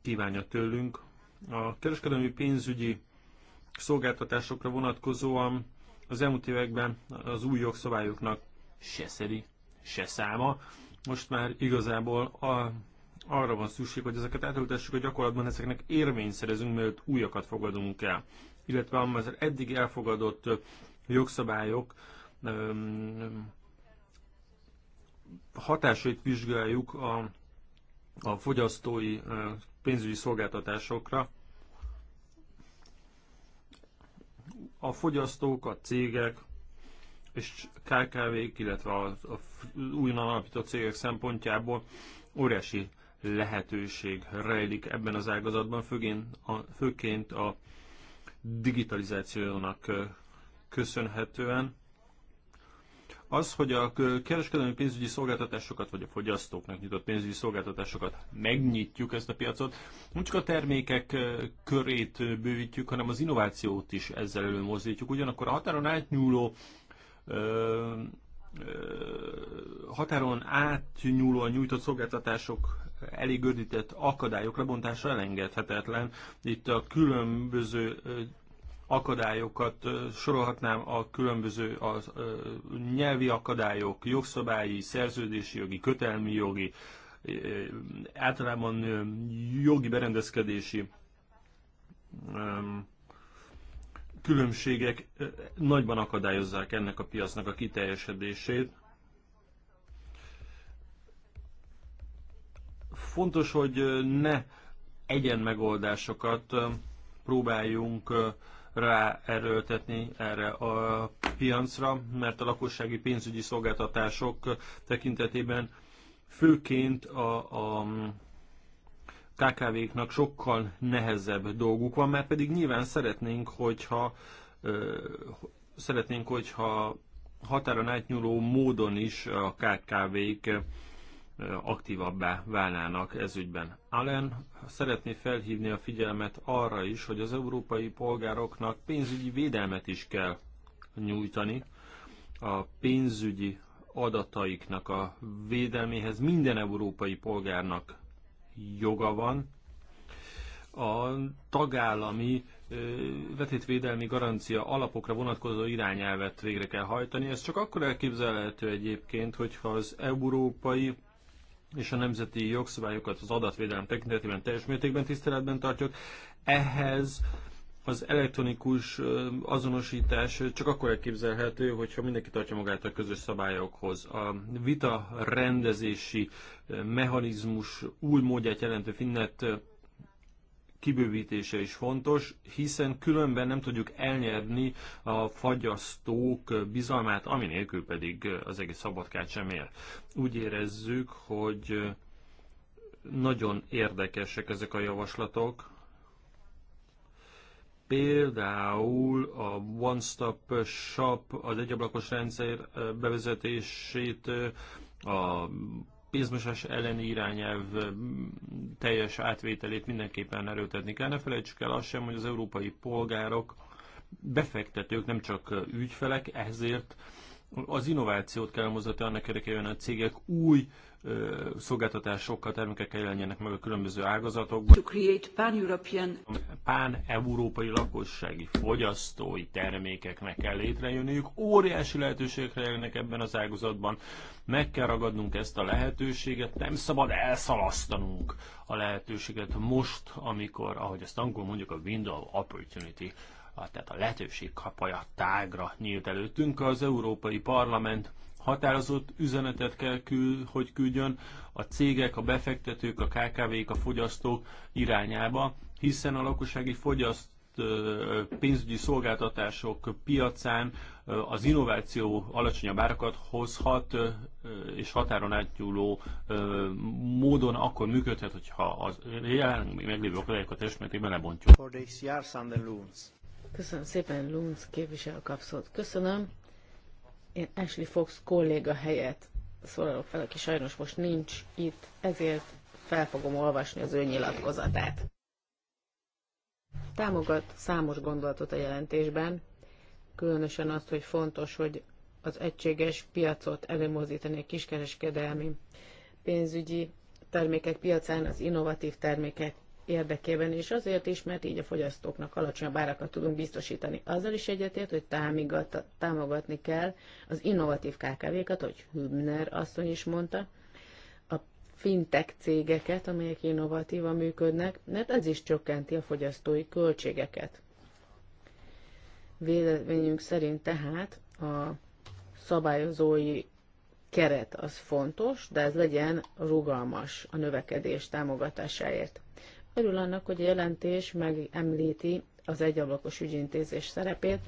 C: kívánja tőlünk. A kereskedelmi pénzügyi szolgáltatásokra vonatkozóan az elmúlt években az új jogszabályoknak se szeri, se száma. Most már igazából a, arra van szükség, hogy ezeket átültessük a gyakorlatban, ezeknek érvény szerezünk, mert újakat fogadunk el. Illetve az eddig elfogadott jogszabályok hatásait vizsgáljuk a, a fogyasztói pénzügyi szolgáltatásokra a fogyasztók, a cégek és KKV-k, illetve a, a újonnan alapított cégek szempontjából óriási lehetőség rejlik ebben az ágazatban, főként a, főként a digitalizációnak köszönhetően az, hogy a kereskedelmi pénzügyi szolgáltatásokat, vagy a fogyasztóknak nyitott pénzügyi szolgáltatásokat megnyitjuk ezt a piacot, nem csak a termékek körét bővítjük, hanem az innovációt is ezzel előmozdítjuk. Ugyanakkor a határon átnyúló ö, határon a nyújtott szolgáltatások elég akadályok lebontása elengedhetetlen. Itt a különböző akadályokat sorolhatnám a különböző a, nyelvi akadályok, jogszabályi, szerződési jogi, kötelmi jogi, általában jogi berendezkedési különbségek nagyban akadályozzák ennek a piacnak a kiteljesedését. Fontos, hogy ne egyen megoldásokat próbáljunk ráerőltetni erre a piacra, mert a lakossági pénzügyi szolgáltatások tekintetében főként a, a KKV-knak sokkal nehezebb dolguk van, mert pedig nyilván szeretnénk, hogyha ö, szeretnénk, hogyha határon átnyúló módon is a KKV-k aktívabbá válnának ezügyben. Allen szeretné felhívni a figyelmet arra is, hogy az európai polgároknak pénzügyi védelmet is kell nyújtani. A pénzügyi adataiknak a védelméhez minden európai polgárnak joga van. A tagállami vetétvédelmi garancia alapokra vonatkozó irányelvet végre kell hajtani. Ez csak akkor elképzelhető egyébként, hogyha az európai és a nemzeti jogszabályokat az adatvédelem tekintetében teljes mértékben tiszteletben tartjuk. Ehhez az elektronikus azonosítás csak akkor elképzelhető, hogyha mindenki tartja magát a közös szabályokhoz. A vita rendezési mechanizmus új módját jelentő finnet kibővítése is fontos, hiszen különben nem tudjuk elnyerni a fagyasztók bizalmát, ami nélkül pedig az egész szabadkát sem ér. Úgy érezzük, hogy nagyon érdekesek ezek a javaslatok, például a One Stop Shop, az egyablakos rendszer bevezetését, a pénzmosás elleni irányelv teljes átvételét mindenképpen erőltetni kell. Ne felejtsük el azt sem, hogy az európai polgárok, befektetők, nem csak ügyfelek, ezért az innovációt kell mozgatni annak érdekében, hogy a cégek új szolgáltatásokkal, termékekkel jelenjenek meg a különböző ágazatokban. Pan-európai lakossági fogyasztói termékeknek kell létrejönniük. Óriási lehetőségekre jönnek ebben az ágazatban. Meg kell ragadnunk ezt a lehetőséget, nem szabad elszalasztanunk a lehetőséget most, amikor, ahogy ezt angol mondjuk, a window opportunity tehát a lehetőség kapaja tágra nyílt előttünk. Az Európai Parlament határozott üzenetet kell, küld, hogy küldjön a cégek, a befektetők, a KKV-k, a fogyasztók irányába, hiszen a lakossági fogyaszt pénzügyi szolgáltatások piacán az innováció alacsonyabb árakat hozhat, és határon átnyúló módon akkor működhet, hogyha az jelen meglévő akadályokat esmertében lebontjuk.
A: Köszönöm szépen, Lunz képviselő kapszót. Köszönöm. Én Ashley Fox kolléga helyett szólalok fel, aki sajnos most nincs itt, ezért fel fogom olvasni az ő nyilatkozatát. Támogat számos gondolatot a jelentésben, különösen azt, hogy fontos, hogy az egységes piacot előmozdítani a kiskereskedelmi pénzügyi termékek piacán az innovatív termékek érdekében, és azért is, mert így a fogyasztóknak alacsonyabb árakat tudunk biztosítani. Azzal is egyetért, hogy támogatni kell az innovatív KKV-kat, hogy Hübner asszony is mondta, a fintech cégeket, amelyek innovatívan működnek, mert ez is csökkenti a fogyasztói költségeket. Véleményünk szerint tehát a szabályozói keret az fontos, de ez legyen rugalmas a növekedés támogatásáért. Örül annak, hogy a jelentés megemlíti az egyablakos ügyintézés szerepét.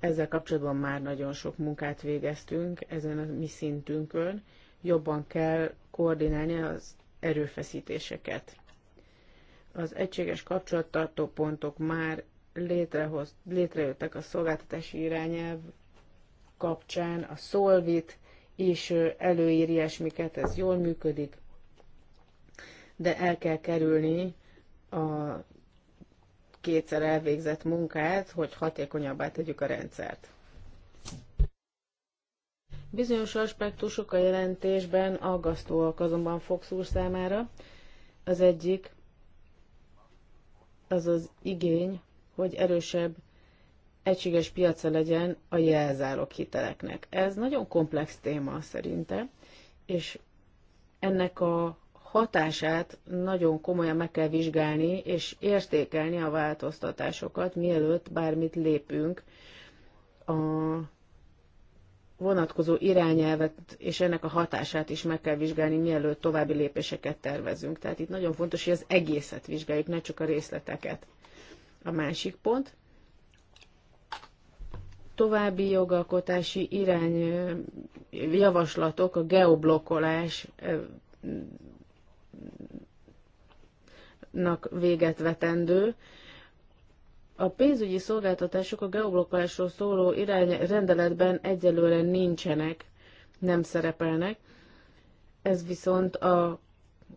A: Ezzel kapcsolatban már nagyon sok munkát végeztünk ezen a mi szintünkön. Jobban kell koordinálni az erőfeszítéseket. Az egységes kapcsolattartó pontok már létrehoz, létrejöttek a szolgáltatási irányelv kapcsán, a Solvit is előír ilyesmiket, ez jól működik de el kell kerülni a kétszer elvégzett munkát, hogy hatékonyabbá tegyük a rendszert. Bizonyos aspektusok a jelentésben aggasztóak azonban Fox úr számára. Az egyik az az igény, hogy erősebb egységes piaca legyen a jelzálók hiteleknek. Ez nagyon komplex téma szerinte, és ennek a hatását nagyon komolyan meg kell vizsgálni és értékelni a változtatásokat, mielőtt bármit lépünk a vonatkozó irányelvet és ennek a hatását is meg kell vizsgálni, mielőtt további lépéseket tervezünk. Tehát itt nagyon fontos, hogy az egészet vizsgáljuk, ne csak a részleteket. A másik pont, további jogalkotási irány javaslatok a geoblokkolás nak véget vetendő. A pénzügyi szolgáltatások a geoblokkolásról szóló irány rendeletben egyelőre nincsenek, nem szerepelnek. Ez viszont a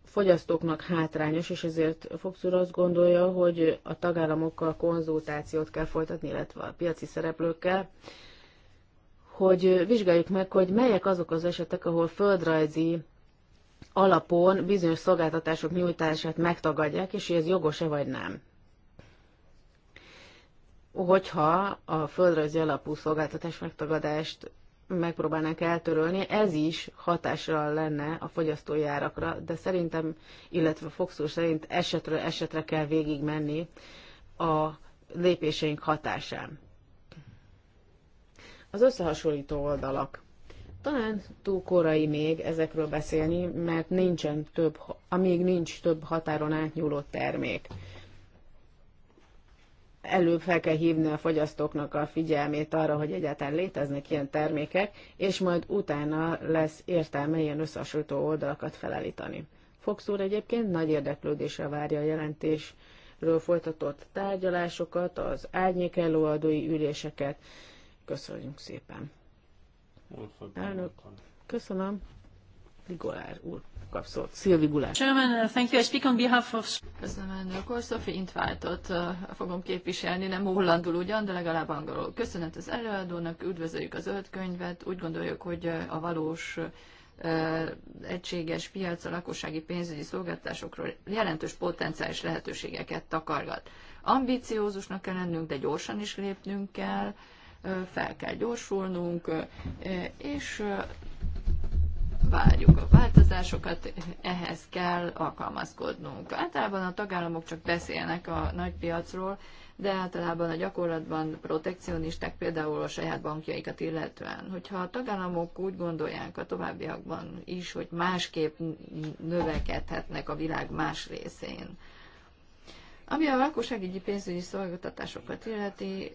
A: fogyasztóknak hátrányos, és ezért Fox úr azt gondolja, hogy a tagállamokkal konzultációt kell folytatni, illetve a piaci szereplőkkel, hogy vizsgáljuk meg, hogy melyek azok az esetek, ahol földrajzi alapon bizonyos szolgáltatások nyújtását megtagadják, és hogy ez jogos-e vagy nem. Hogyha a földrajzi alapú szolgáltatás megtagadást megpróbálnánk eltörölni, ez is hatással lenne a fogyasztói árakra, de szerintem, illetve Fox szerint esetről esetre kell végigmenni a lépéseink hatásán. Az összehasonlító oldalak. Talán túl korai még ezekről beszélni, mert nincsen több, amíg nincs több határon átnyúló termék. Előbb fel kell hívni a fogyasztóknak a figyelmét arra, hogy egyáltalán léteznek ilyen termékek, és majd utána lesz értelme ilyen összehasonlító oldalakat felállítani. Fox úr egyébként nagy érdeklődésre várja a jelentésről folytatott tárgyalásokat, az árnyék előadói üléseket. Köszönjük szépen! Elnök, köszönöm. Ligolár úr kap szót. Szilvi Gulár.
B: Chairman, uh, thank you. I speak on behalf of... Köszönöm, elnök úr. Sophie Intváltot uh, fogom képviselni, nem hollandul ugyan, de legalább angolul. Köszönet az előadónak, üdvözöljük a zöld könyvet. Úgy gondoljuk, hogy uh, a valós egységes piac a lakossági pénzügyi szolgáltatásokról jelentős potenciális lehetőségeket takargat. Ambiciózusnak kell lennünk, de gyorsan is lépnünk kell fel kell gyorsulnunk, és várjuk a változásokat, ehhez kell alkalmazkodnunk. Általában a tagállamok csak beszélnek a nagy piacról, de általában a gyakorlatban protekcionisták például a saját bankjaikat illetően. Hogyha a tagállamok úgy gondolják a továbbiakban is, hogy másképp növekedhetnek a világ más részén, ami a lakosságügyi pénzügyi szolgáltatásokat illeti,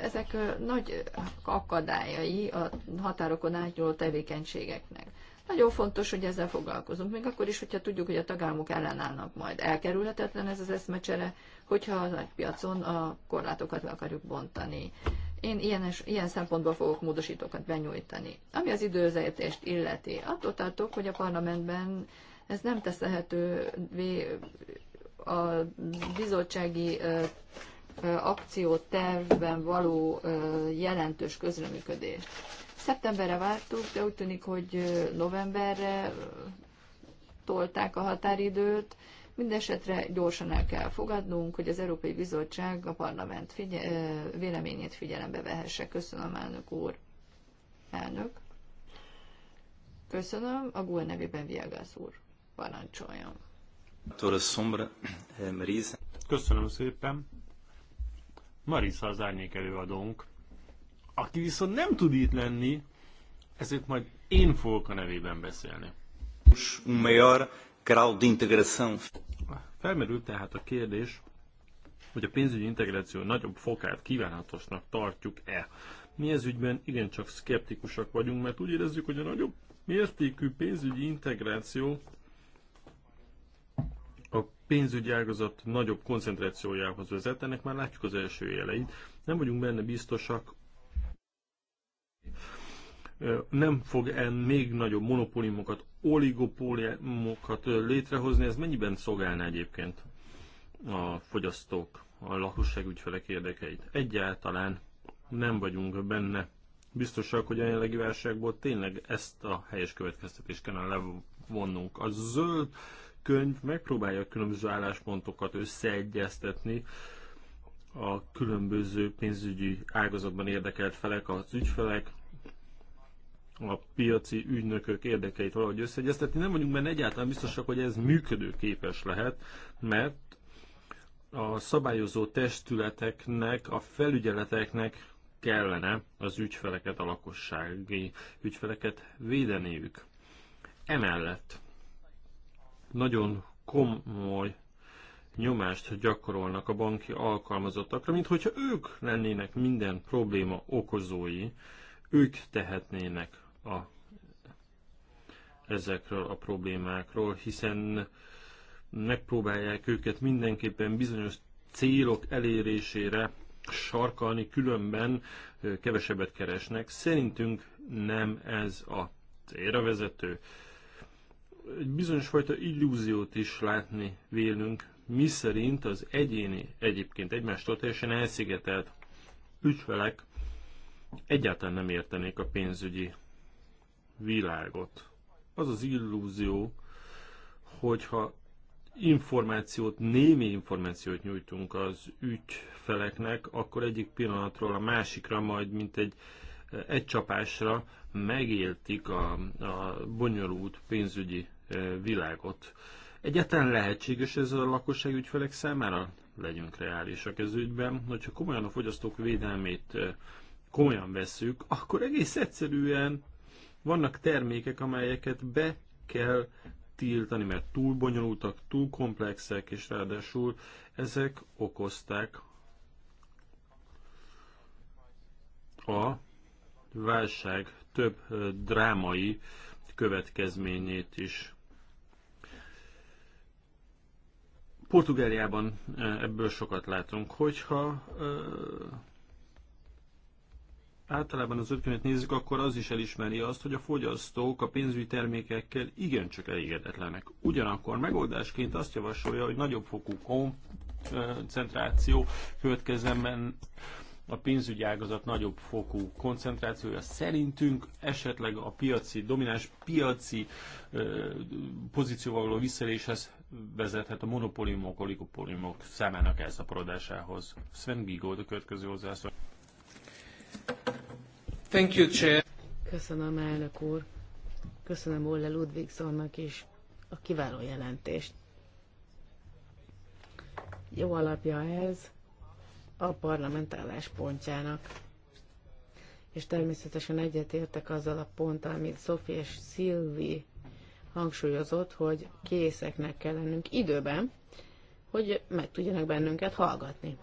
B: ezek nagy akadályai a határokon átnyúló tevékenységeknek. Nagyon fontos, hogy ezzel foglalkozunk, még akkor is, hogyha tudjuk, hogy a tagállamok ellenállnak majd. Elkerülhetetlen ez az eszmecsere, hogyha a piacon a korlátokat le akarjuk bontani. Én ilyen, ilyen szempontból fogok módosítókat benyújtani. Ami az időzítést illeti, attól tartok, hogy a parlamentben ez nem tesz lehetővé a bizottsági akciótervben való jelentős közreműködést. Szeptemberre vártuk, de úgy tűnik, hogy novemberre tolták a határidőt. Mindenesetre gyorsan el kell fogadnunk, hogy az Európai Bizottság a parlament figye- véleményét figyelembe vehesse. Köszönöm, elnök úr. Elnök. Köszönöm. A GUE nevében Viagász úr. Parancsoljon.
C: Eh, Köszönöm szépen. Marisa az árnyék előadónk, aki viszont nem tud itt lenni, ezért majd én fogok a nevében beszélni. Um Felmerült tehát a kérdés, hogy a pénzügyi integráció nagyobb fokát kívánatosnak tartjuk-e. Mi ez ügyben igencsak szkeptikusak vagyunk, mert úgy érezzük, hogy a nagyobb mértékű pénzügyi integráció pénzügyi ágazat nagyobb koncentrációjához vezet, ennek már látjuk az első jeleit. Nem vagyunk benne biztosak, nem fog en még nagyobb monopóliumokat, oligopóliumokat létrehozni, ez mennyiben szolgálna egyébként a fogyasztók, a lakosság ügyfelek érdekeit? Egyáltalán nem vagyunk benne biztosak, hogy a jelenlegi válságból tényleg ezt a helyes következtetést kellene levonnunk. A zöld könyv megpróbálja a különböző álláspontokat összeegyeztetni a különböző pénzügyi ágazatban érdekelt felek, az ügyfelek, a piaci ügynökök érdekeit valahogy összeegyeztetni. Nem vagyunk benne egyáltalán biztosak, hogy ez működőképes lehet, mert a szabályozó testületeknek, a felügyeleteknek kellene az ügyfeleket, a lakossági ügyfeleket védeniük. Emellett nagyon komoly nyomást gyakorolnak a banki alkalmazottakra, mint hogyha ők lennének minden probléma okozói, ők tehetnének a, ezekről a problémákról, hiszen megpróbálják őket mindenképpen bizonyos célok elérésére sarkalni, különben kevesebbet keresnek. Szerintünk nem ez a célra vezető egy bizonyos fajta illúziót is látni vélünk, mi szerint az egyéni, egyébként egymástól teljesen elszigetelt ügyfelek egyáltalán nem értenék a pénzügyi világot. Az az illúzió, hogyha információt, némi információt nyújtunk az ügyfeleknek, akkor egyik pillanatról a másikra, majd mint egy, egy csapásra megéltik a, a bonyolult pénzügyi világot. Egyetlen lehetséges ez a lakosság ügyfelek számára? Legyünk reálisak ez ügyben. Hogyha komolyan a fogyasztók védelmét komolyan vesszük, akkor egész egyszerűen vannak termékek, amelyeket be kell tiltani, mert túl bonyolultak, túl komplexek, és ráadásul ezek okozták a válság több drámai következményét is. Portugáliában e, ebből sokat látunk, hogyha e, általában az ötkönyvet nézzük, akkor az is elismeri azt, hogy a fogyasztók a pénzügyi termékekkel igencsak elégedetlenek. Ugyanakkor megoldásként azt javasolja, hogy nagyobb fokú koncentráció következzen a pénzügyi ágazat nagyobb fokú koncentrációja szerintünk esetleg a piaci, domináns piaci e, pozícióval való visszeléshez vezethet a monopóliumok, oligopóliumok szemének elszaporodásához. Sven Bigold a következő hozzászó.
A: Thank you, Chair. Köszönöm, elnök úr. Köszönöm Olle Ludvigsonnak is a kiváló jelentést. Jó alapja ez a parlament álláspontjának. És természetesen egyetértek azzal a ponttal, amit Sophie és Szilvi hangsúlyozott, hogy készeknek kell lennünk időben, hogy meg tudjanak bennünket hallgatni.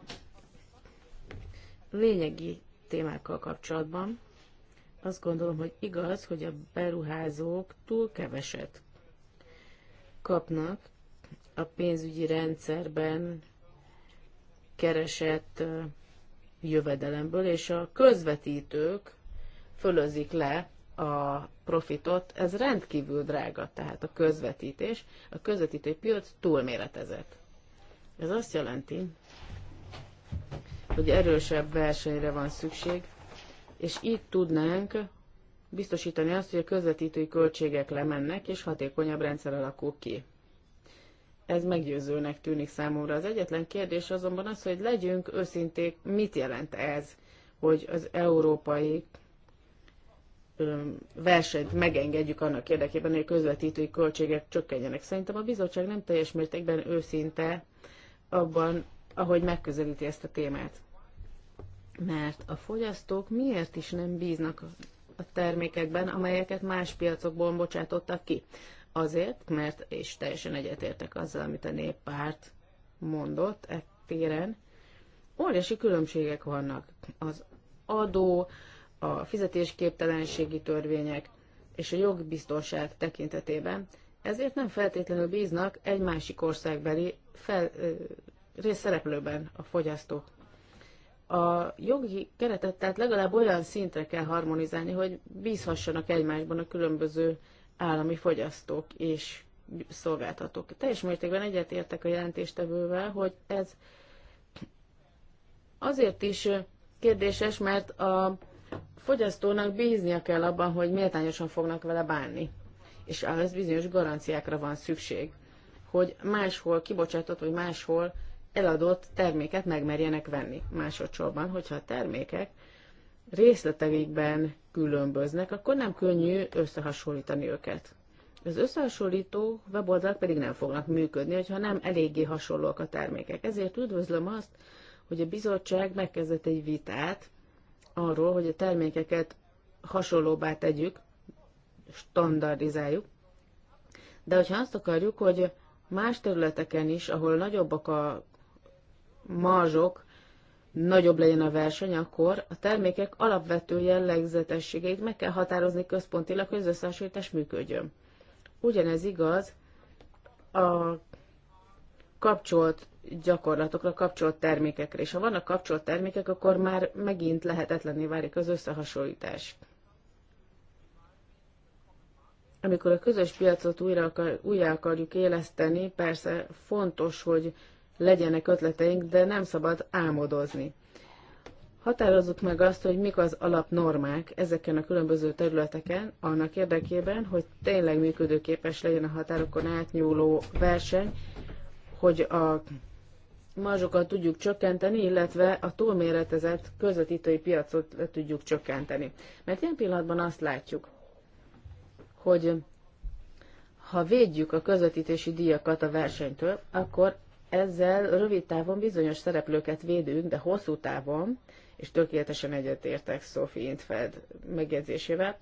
A: Lényegi témákkal kapcsolatban azt gondolom, hogy igaz, hogy a beruházók túl keveset kapnak a pénzügyi rendszerben keresett jövedelemből, és a közvetítők fölözik le a profitot, ez rendkívül drága, tehát a közvetítés, a közvetítő piac túlméretezett. Ez azt jelenti, hogy erősebb versenyre van szükség, és így tudnánk biztosítani azt, hogy a közvetítői költségek lemennek, és hatékonyabb rendszer alakul ki. Ez meggyőzőnek tűnik számomra. Az egyetlen kérdés azonban az, hogy legyünk őszinték, mit jelent ez, hogy az európai versenyt megengedjük annak érdekében, hogy a közvetítői költségek csökkenjenek. Szerintem a bizottság nem teljes mértékben őszinte abban, ahogy megközelíti ezt a témát. Mert a fogyasztók miért is nem bíznak a termékekben, amelyeket más piacokból bocsátottak ki? Azért, mert, és teljesen egyetértek azzal, amit a néppárt mondott e téren, óriási különbségek vannak. Az adó, a fizetésképtelenségi törvények és a jogbiztonság tekintetében, ezért nem feltétlenül bíznak egy másik országbeli fel, részszereplőben a fogyasztók. A jogi keretet tehát legalább olyan szintre kell harmonizálni, hogy bízhassanak egymásban a különböző állami fogyasztók és szolgáltatók. Teljes mértékben egyetértek a jelentéstevővel, hogy ez azért is kérdéses, mert a fogyasztónak bíznia kell abban, hogy méltányosan fognak vele bánni. És ahhoz bizonyos garanciákra van szükség, hogy máshol kibocsátott, vagy máshol eladott terméket megmerjenek venni. Másodszorban, hogyha a termékek részleteikben különböznek, akkor nem könnyű összehasonlítani őket. Az összehasonlító weboldalak pedig nem fognak működni, hogyha nem eléggé hasonlóak a termékek. Ezért üdvözlöm azt, hogy a bizottság megkezdett egy vitát arról, hogy a termékeket hasonlóbbá tegyük, standardizáljuk. De hogyha azt akarjuk, hogy más területeken is, ahol nagyobbak a marzsok, nagyobb legyen a verseny, akkor a termékek alapvető jellegzetességeit meg kell határozni központilag, hogy az összehasonlítás működjön. Ugyanez igaz a kapcsolt gyakorlatokra, kapcsolt termékekre. És ha vannak kapcsolt termékek, akkor már megint lehetetlenné válik az összehasonlítás. Amikor a közös piacot újra, akar, újra akarjuk éleszteni, persze fontos, hogy legyenek ötleteink, de nem szabad álmodozni. Határozzuk meg azt, hogy mik az alapnormák ezeken a különböző területeken, annak érdekében, hogy tényleg működőképes legyen a határokon átnyúló verseny, hogy a marzsokat tudjuk csökkenteni, illetve a túlméretezett közvetítői piacot tudjuk csökkenteni. Mert ilyen pillanatban azt látjuk, hogy ha védjük a közvetítési díjakat a versenytől, akkor ezzel rövid távon bizonyos szereplőket védünk, de hosszú távon, és tökéletesen egyetértek Sophie Intfeld megjegyzésével,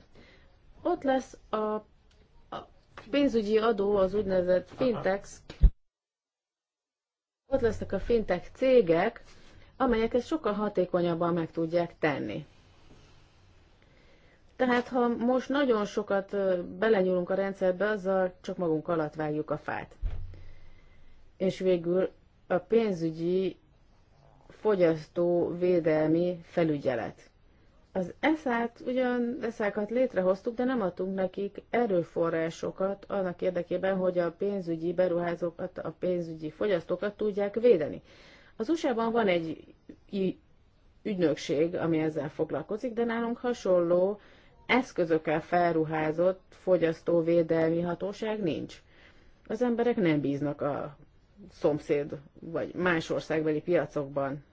A: ott lesz a, a pénzügyi adó, az úgynevezett fintex, ott lesznek a fintek cégek, amelyek ezt sokkal hatékonyabban meg tudják tenni. Tehát, ha most nagyon sokat belenyúlunk a rendszerbe, azzal csak magunk alatt vágjuk a fát. És végül a pénzügyi fogyasztó védelmi felügyelet. Az eszát ugyan eszákat létrehoztuk, de nem adtunk nekik erőforrásokat annak érdekében, hogy a pénzügyi beruházókat, a pénzügyi fogyasztókat tudják védeni. Az USA-ban van egy ügynökség, ami ezzel foglalkozik, de nálunk hasonló eszközökkel felruházott fogyasztóvédelmi hatóság nincs. Az emberek nem bíznak a szomszéd vagy más országbeli piacokban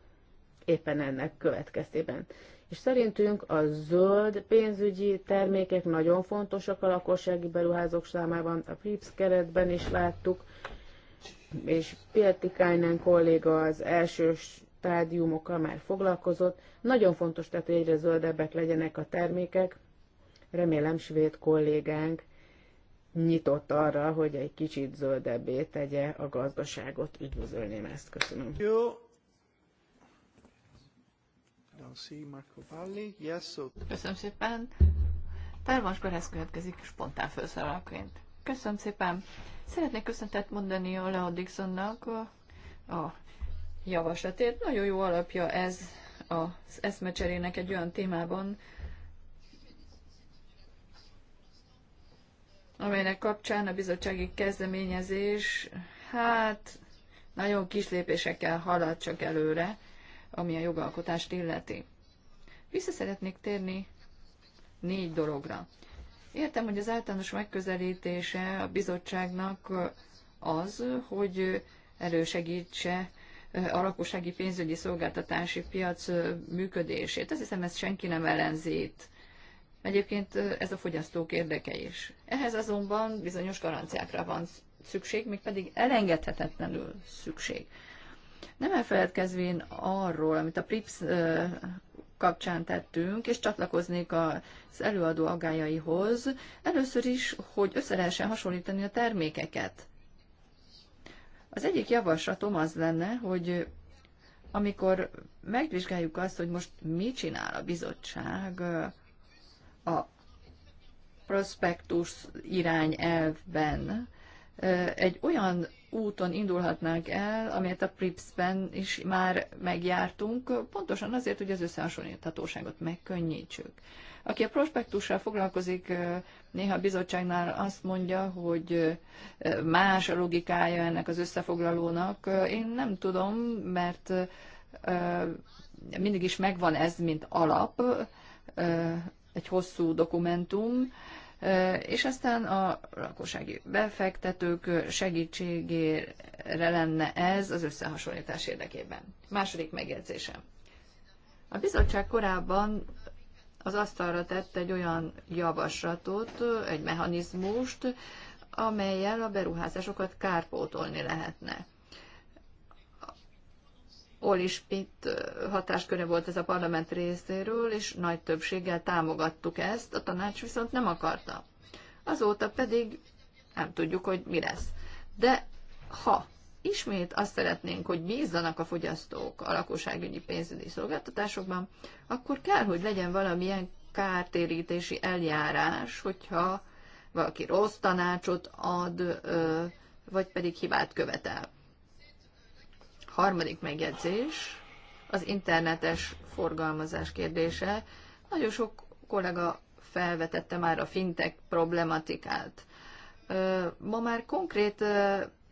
A: éppen ennek következtében. És szerintünk a zöld pénzügyi termékek nagyon fontosak a lakossági beruházók számában, a PRIPS keretben is láttuk, és Pietikainen kolléga az első stádiumokkal már foglalkozott. Nagyon fontos, tehát, hogy egyre zöldebbek legyenek a termékek. Remélem svéd kollégánk nyitott arra, hogy egy kicsit zöldebbé tegye a gazdaságot. Üdvözölném ezt. Köszönöm. Jó.
B: Marco Valli. Yes, so... Köszönöm szépen. Tárvas Berez következik spontán főszereplőként. Köszönöm szépen. Szeretnék köszöntet mondani a Leo Dixonnak a, a javaslatét. Nagyon jó alapja ez az eszmecserének egy olyan témában, amelynek kapcsán a bizottsági kezdeményezés, hát nagyon kis lépésekkel halad csak előre ami a jogalkotást illeti. Vissza szeretnék térni négy dologra. Értem, hogy az általános megközelítése a bizottságnak az, hogy elősegítse a lakossági pénzügyi szolgáltatási piac működését. Azt hiszem, ezt senki nem ellenzít. Egyébként ez a fogyasztók érdeke is. Ehhez azonban bizonyos garanciákra van szükség, még pedig elengedhetetlenül szükség. Nem elfeledkezvén arról, amit a PRIPS kapcsán tettünk, és csatlakoznék az előadó agájaihoz, először is, hogy össze lehessen hasonlítani a termékeket. Az egyik javaslatom az lenne, hogy amikor megvizsgáljuk azt, hogy most mi csinál a bizottság a prospektus irányelvben, egy olyan úton indulhatnánk el, amelyet a PRIPS-ben is már megjártunk, pontosan azért, hogy az összehasonlíthatóságot megkönnyítsük. Aki a prospektussal foglalkozik, néha a bizottságnál azt mondja, hogy más a logikája ennek az összefoglalónak. Én nem tudom, mert mindig is megvan ez, mint alap, egy hosszú dokumentum, és aztán a lakossági befektetők segítségére lenne ez az összehasonlítás érdekében. Második megjegyzésem. A bizottság korábban az asztalra tett egy olyan javaslatot, egy mechanizmust, amelyel a beruházásokat kárpótolni lehetne. Oli pitt hatásköre volt ez a parlament részéről, és nagy többséggel támogattuk ezt, a tanács viszont nem akarta. Azóta pedig nem tudjuk, hogy mi lesz. De ha ismét azt szeretnénk, hogy bízzanak a fogyasztók a lakosságügyi pénzügyi szolgáltatásokban, akkor kell, hogy legyen valamilyen kártérítési eljárás, hogyha valaki rossz tanácsot ad, vagy pedig hibát követel. Harmadik megjegyzés, az internetes forgalmazás kérdése. Nagyon sok kollega felvetette már a fintek problematikát. Ma már konkrét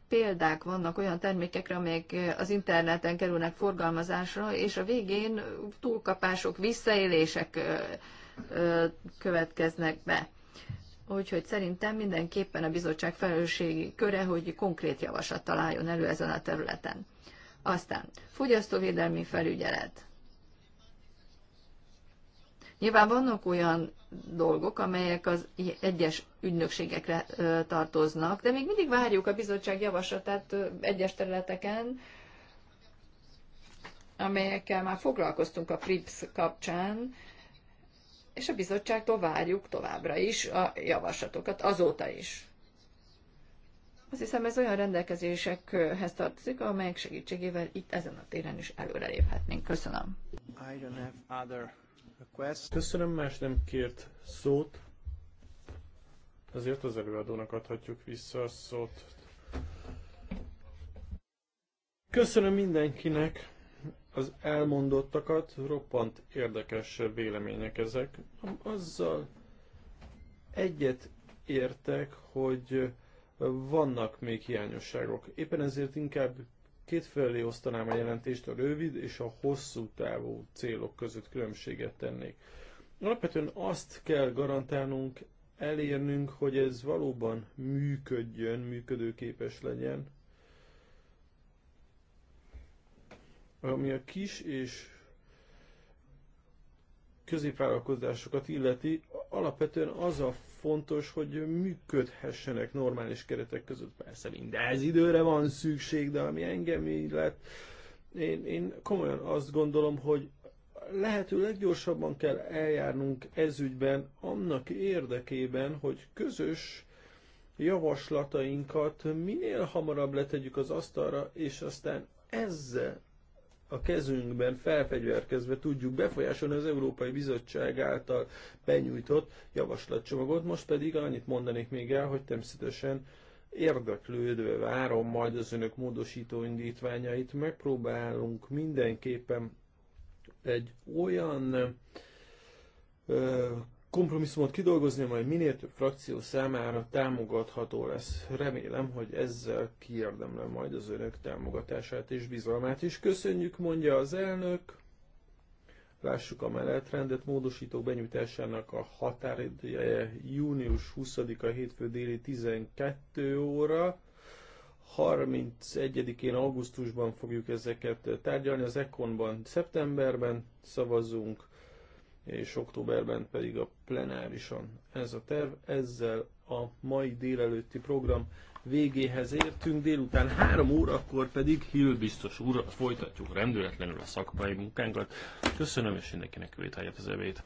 B: példák vannak olyan termékekre, amelyek az interneten kerülnek forgalmazásra, és a végén túlkapások, visszaélések következnek be. Úgyhogy szerintem mindenképpen a bizottság felelősségi köre, hogy konkrét javaslat találjon elő ezen a területen. Aztán fogyasztóvédelmi felügyelet. Nyilván vannak olyan dolgok, amelyek az egyes ügynökségekre tartoznak, de még mindig várjuk a bizottság javaslatát egyes területeken, amelyekkel már foglalkoztunk a PRIPS kapcsán, és a bizottságtól várjuk továbbra is a javaslatokat, azóta is. Azt hiszem ez olyan rendelkezésekhez tartozik, amelyek segítségével itt ezen a téren is előreléphetnénk. Köszönöm.
C: Köszönöm, más nem kért szót. Azért az előadónak adhatjuk vissza a szót. Köszönöm mindenkinek az elmondottakat, roppant érdekes vélemények ezek. Azzal egyet értek, hogy vannak még hiányosságok. Éppen ezért inkább kétfelé osztanám a jelentést, a rövid és a hosszú távú célok között különbséget tennék. Alapvetően azt kell garantálnunk, elérnünk, hogy ez valóban működjön, működőképes legyen, ami a kis és középvállalkozásokat illeti, alapvetően az a fontos, hogy működhessenek normális keretek között. Persze minden ez időre van szükség, de ami engem illet, én, én komolyan azt gondolom, hogy lehető leggyorsabban kell eljárnunk ezügyben annak érdekében, hogy közös javaslatainkat minél hamarabb letegyük az asztalra, és aztán ezzel a kezünkben felfegyverkezve tudjuk befolyásolni az Európai Bizottság által benyújtott javaslatcsomagot. Most pedig annyit mondanék még el, hogy természetesen érdeklődve várom majd az önök módosító indítványait. Megpróbálunk mindenképpen egy olyan kompromisszumot kidolgozni, majd minél több frakció számára támogatható lesz. Remélem, hogy ezzel kiérdemlem majd az önök támogatását és bizalmát is. Köszönjük, mondja az elnök. Lássuk a mellettrendet. módosító benyújtásának a határideje június 20-a hétfő déli 12 óra. 31-én augusztusban fogjuk ezeket tárgyalni, az Ekonban szeptemberben szavazunk, és októberben pedig a plenárison. Ez a terv, ezzel a mai délelőtti program végéhez értünk, délután három órakor pedig Hill biztos úr, folytatjuk rendületlenül a szakmai munkánkat. Köszönöm, és mindenkinek vétáját az evét.